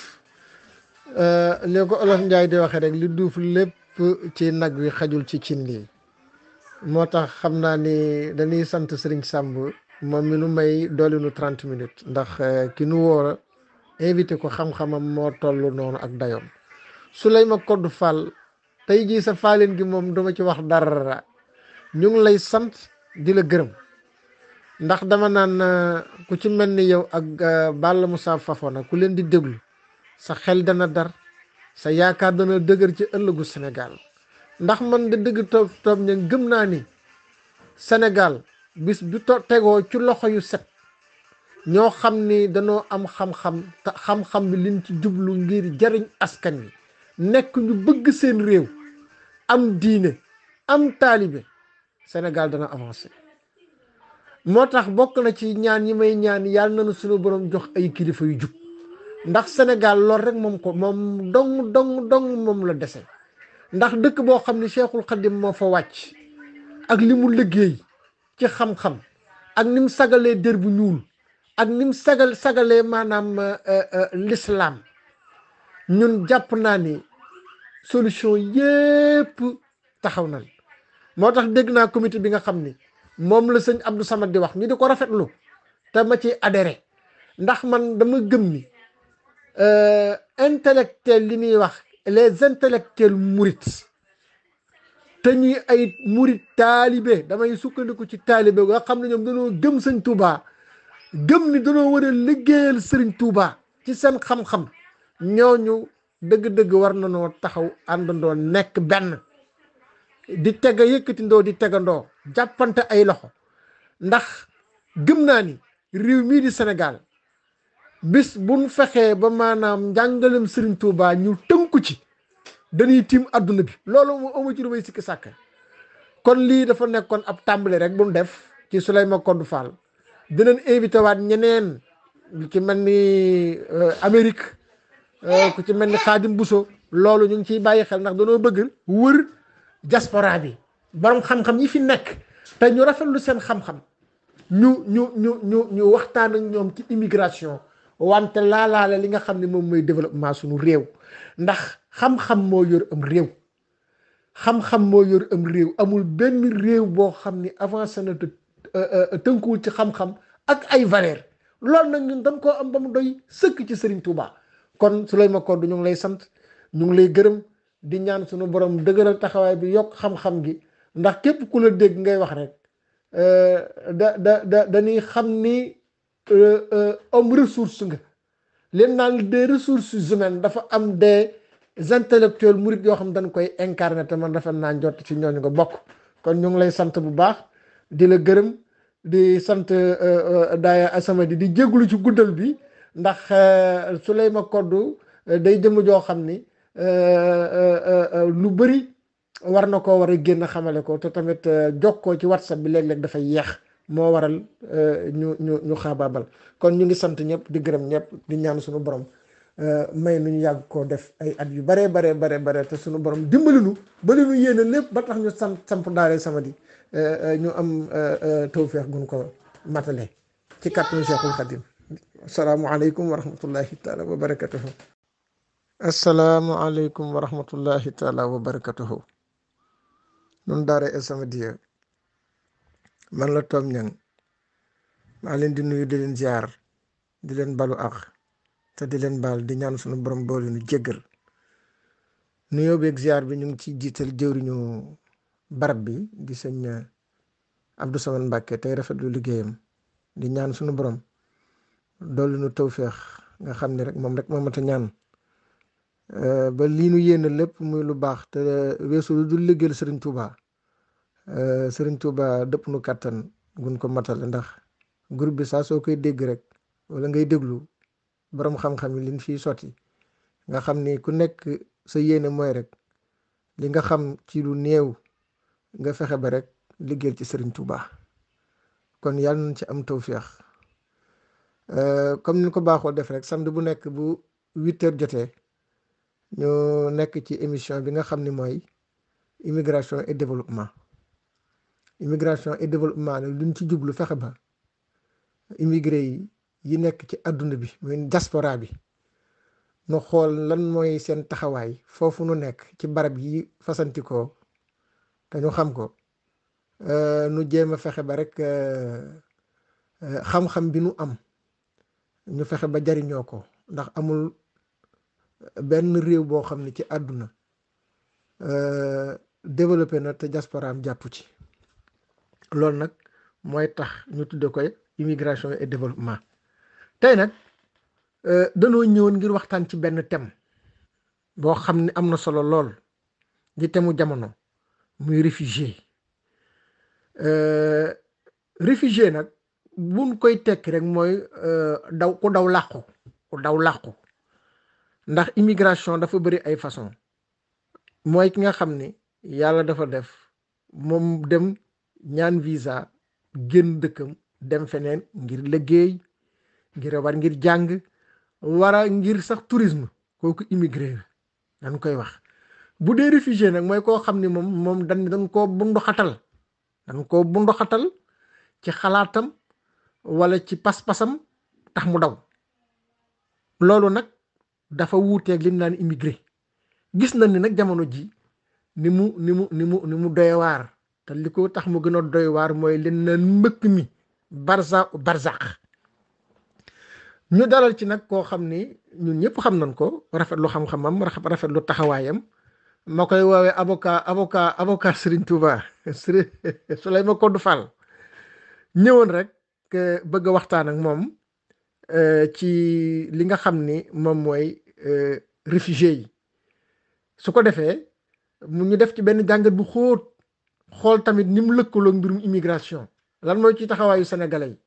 euh, ne ko Olof Njaay di waxee rek li duuf lépp ci nag wi xajul ci cin li moo tax xam naa ni dañuy sant Serigne Samb moom mi nu may doole nu minutes ndax euh, ki nu woor a invité ko xam-xamam moo toll noonu ak dayoom Souleyma Codou Fall. tey jii sa faaleen gi moom duma ci wax dara ñu ngi lay sant di la gërëm ndax dama naan eh, ku ci mel ni yow ak eh, Balla Moussa Fafana ku leen di déglu sa xel dana dar sa yaakaar dana dëgër ci ëllëgu senegal ndax man da dëgg toog toog ña gëm naa ni senegal bis bu to tegoo ci loxo yu set ñoo xam ni danoo am xam-xam xam-xam bi liñ ci jublu ngir jariñ askan wi nekk ñu bëgg seen réew am diine am taalibe senegal dana avancé moo tax bokk na ci ñaan yi may ñaan yàlla nañu sunu borom jox ay kilifa yu jub ndax senegal lool rek moom ko moom dong dong dong moom la dese ndax dëkk boo xam ne seexul Khadim moo fa wàcc ak li mu liggéey ci xam-xam ak ni sagalee dér bu ñuul ak ni mu sagal sagalee maanaam euh, euh, l'islam ñun jàpp naa ni solution yépp taxaw na moo tax dégg naa comité bi nga xam ni moom la sëñ Abdou Samad di wax ñu di ko rafetlu te ma ci adere ndax man dama gëm ni euh, intellectuel li ñuy wax les intellectuels murit te ñuy ay murit taalibe damay sukkandiku ci taalibe nga xam ne ñoom dañoo gëm sëñ Touba gëm ni dañoo war a liggéeyal sëriñ Touba ci seen xam-xam ñooñu dëgg-dëgg war nanoo taxaw àndandoo nekk benn di tega yëkkatindoo di tegandoo jàppante ay loxo ndax gëm naa ni réew mii di Sénégal bis buñ fexee ba maanaam njàngalem Serigne Touba ñu tënku ci dañuy tiim àdduna bi loolu moo amu ci sikki sàkk kon lii dafa nekkoon ab tàmbali rek bu mu def ci Souleymane Kodou Fall dinañ invité waat ñeneen ci mel ni euh, Amérique Eh, ku ci mel ni xaadim buso loolu ñu ngi ciy bàyyi xel ndax dañoo bëgg wër diaspora bi borom xam-xam yi fi nekk te ñu rafetlu seen xam-xam ñu ñu ñu ñu ñu waxtaan ak ñoom ci immigration wante laalaale li nga xam ne moom mooy développement suñu réew ndax xam-xam moo yor am réew xam-xam yor am réew amul benn réew boo xam ni avancé na te euh, euh, tënkuwul ci xam-xam ak ay valeur loolu nag ñun dañ koo am ba mu doy sëkk ci Serigne Touba. kon su lay Souleymane Kodou ñu ngi lay sant ñu ngi lay gërëm di ñaan suñu borom dëgëral taxawaay bi yokk xam-xam gi ndax képp ku la dégg ngay wax rek euh, da da da dañuy xam ni euh, euh, homme ressource nga leen naan des ressources humaines dafa am des intellectuels murit yoo xam dañ koy incarné te man rafet naa jot ci ñooñu nga bokk kon ñu ngi lay sant bu baax di la gërëm di sant daaya sama di di jéglu ci guddal bi ndax euh, Souleyma Koddu euh, day jëmm joo xam ni euh, lu bëri war na koo war a génn xamale ko te tamit jokkoo ci whatsapp bi léeg-léeg dafay yeex moo waral ñu ñu ñu xaabaabal kon ñu ngi sant ñëpp di gërëm ñëpp di ñaan suñu borom may lu ñu yàgg koo def ay at yu bare bare bare bare te suñu borom dimbali nu ba li yéene lépp ba tax ñu sant samp daare samadi ñu am tawfeex gun ko matale ci kàttanu Cheikhul Khadim asalaamualeykum wa rahmatullahi taala wa barakatuhu asalaamualeykum wa rahmatullahi taala wa nun daara as man la toom Niang maa leen di nuyu di leen ziar di leen balu ak te di leen baal di ñaan sunu borom boole nu jéggal nuyoo beeg ziar bi ñu ngi ciy jiital jëwriñu barab bi di sëñ Abdou Samane Mbacke tey rafetlu liggéeyam di ñaan sunu borom dolli nu tawféex nga xam ne rek moom rek moo mat a ñaan euh, ba lii nu yéene lépp muy lu baax te weesu lu dul liggéeyal sëriñ Touba euh, sëriñ Touba dëpp nu kàttan gun ko matale ndax groupe bi saa soo koy dégg rek wala ngay déglu boroom xam-xam yi liñ fiy sotti nga xam ni ku nekk sa yéene mooy rek li nga xam ci lu néew nga fexe ba rek liggéey ci sëriñ Touba kon yàlla nañ ci am tawféex. Euh, comme ni ko baaxoo def rek samedi bu nekk bu huit jotee ñu nekk ci émission bi nga xam ni mooy immigration et développement immigration et développement nag luñ ci jublu fexe ba immigré yi yi nekk ci àdduna bi muy diaspora bi nu xool lan mooy seen taxawaay foofu nu nekk ci barab yi fasantikoo te ñu xam ko euh, nu jéem a fexe ba rek euh, xam-xam bi nu am ñu fexe ba jariñoo ko ndax amul benn réew boo xam ne ci àdduna euh, développé na te diasporaam jàpp ci loolu nag mooy tax ñu tudde koy immigration et développement tey nag euh, danoo ñëwoon ngir waxtaan ci benn thème boo xam ne am na solo lool di temu jamono muy réfugié euh, réfugié nag buñ koy tekki rek mooy euh, daw ku daw làqu ku daw làqu ndax immigration dafa bëri ay façon mooy ki nga xam ni yàlla dafa def moom dem ñaan visa génn dëkkam dem feneen ngir liggéey ngir war ngir jàng wara ngir sax tourisme kooku immigré dañ koy wax bu dee réfugié nag mooy koo xam ni moom moom dañ dañ koo bundu xatal dañ koo bundu xatal ci xalaatam wala ci pas-pasam tax mu daw loolu nag dafa wuuteeg li ñu naan immigré gis nañ ni nag jamono ji ni mu ni mu ni mu ni waar te li ko tax mu gën a doy waar mooy li ñu naan mbëkk mi barza barzaq ñu dalal ci nag koo xam ni ñun ñëpp xam nañ ko rafet lu xam-xamam rafet lu taxawaayam ma koy woowee aboka avocat avocat Serigne Touba Serigne Souleymane Codou Fall ñëwoon rek bëgg waxtaan ak moom euh, ci li nga xam ni moom mooy euh, réfugié yi su ko defee mu ñu def ci benn jàngat bu xóot xool tamit ni mu lëkkaloo mbirum immigration lan mooy ci taxawaayu sénégalais yi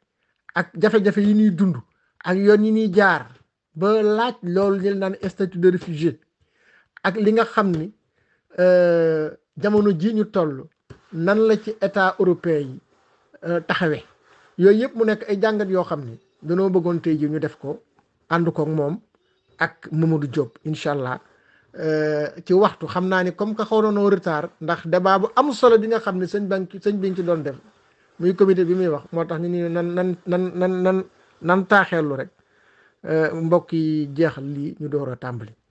ak jafe-jafe yi ñuy dund ak yoon yi ñuy jaar ba laaj loolu ñu naan statut de réfugié ak li nga xam ni euh, jamono ji ñu toll nan la ci état européen yi taxawee yooyu yëpp mu nekk ay jàngat yoo xam ni danoo bëggoon tey ji ñu def ko ànd kook moom ak Mamadou Diop incha allah euh, ci waxtu xam naa ni comme que xaw nañoo retard ndax débat bu am solo bi nga xam ne sëñ bank sëñ bi ci doon def muy comité bi muy wax moo tax ñu ni nan nan nan nan nan nan taaxeelu rek euh, mbokk yi jeexal lii ñu door a tàmbali.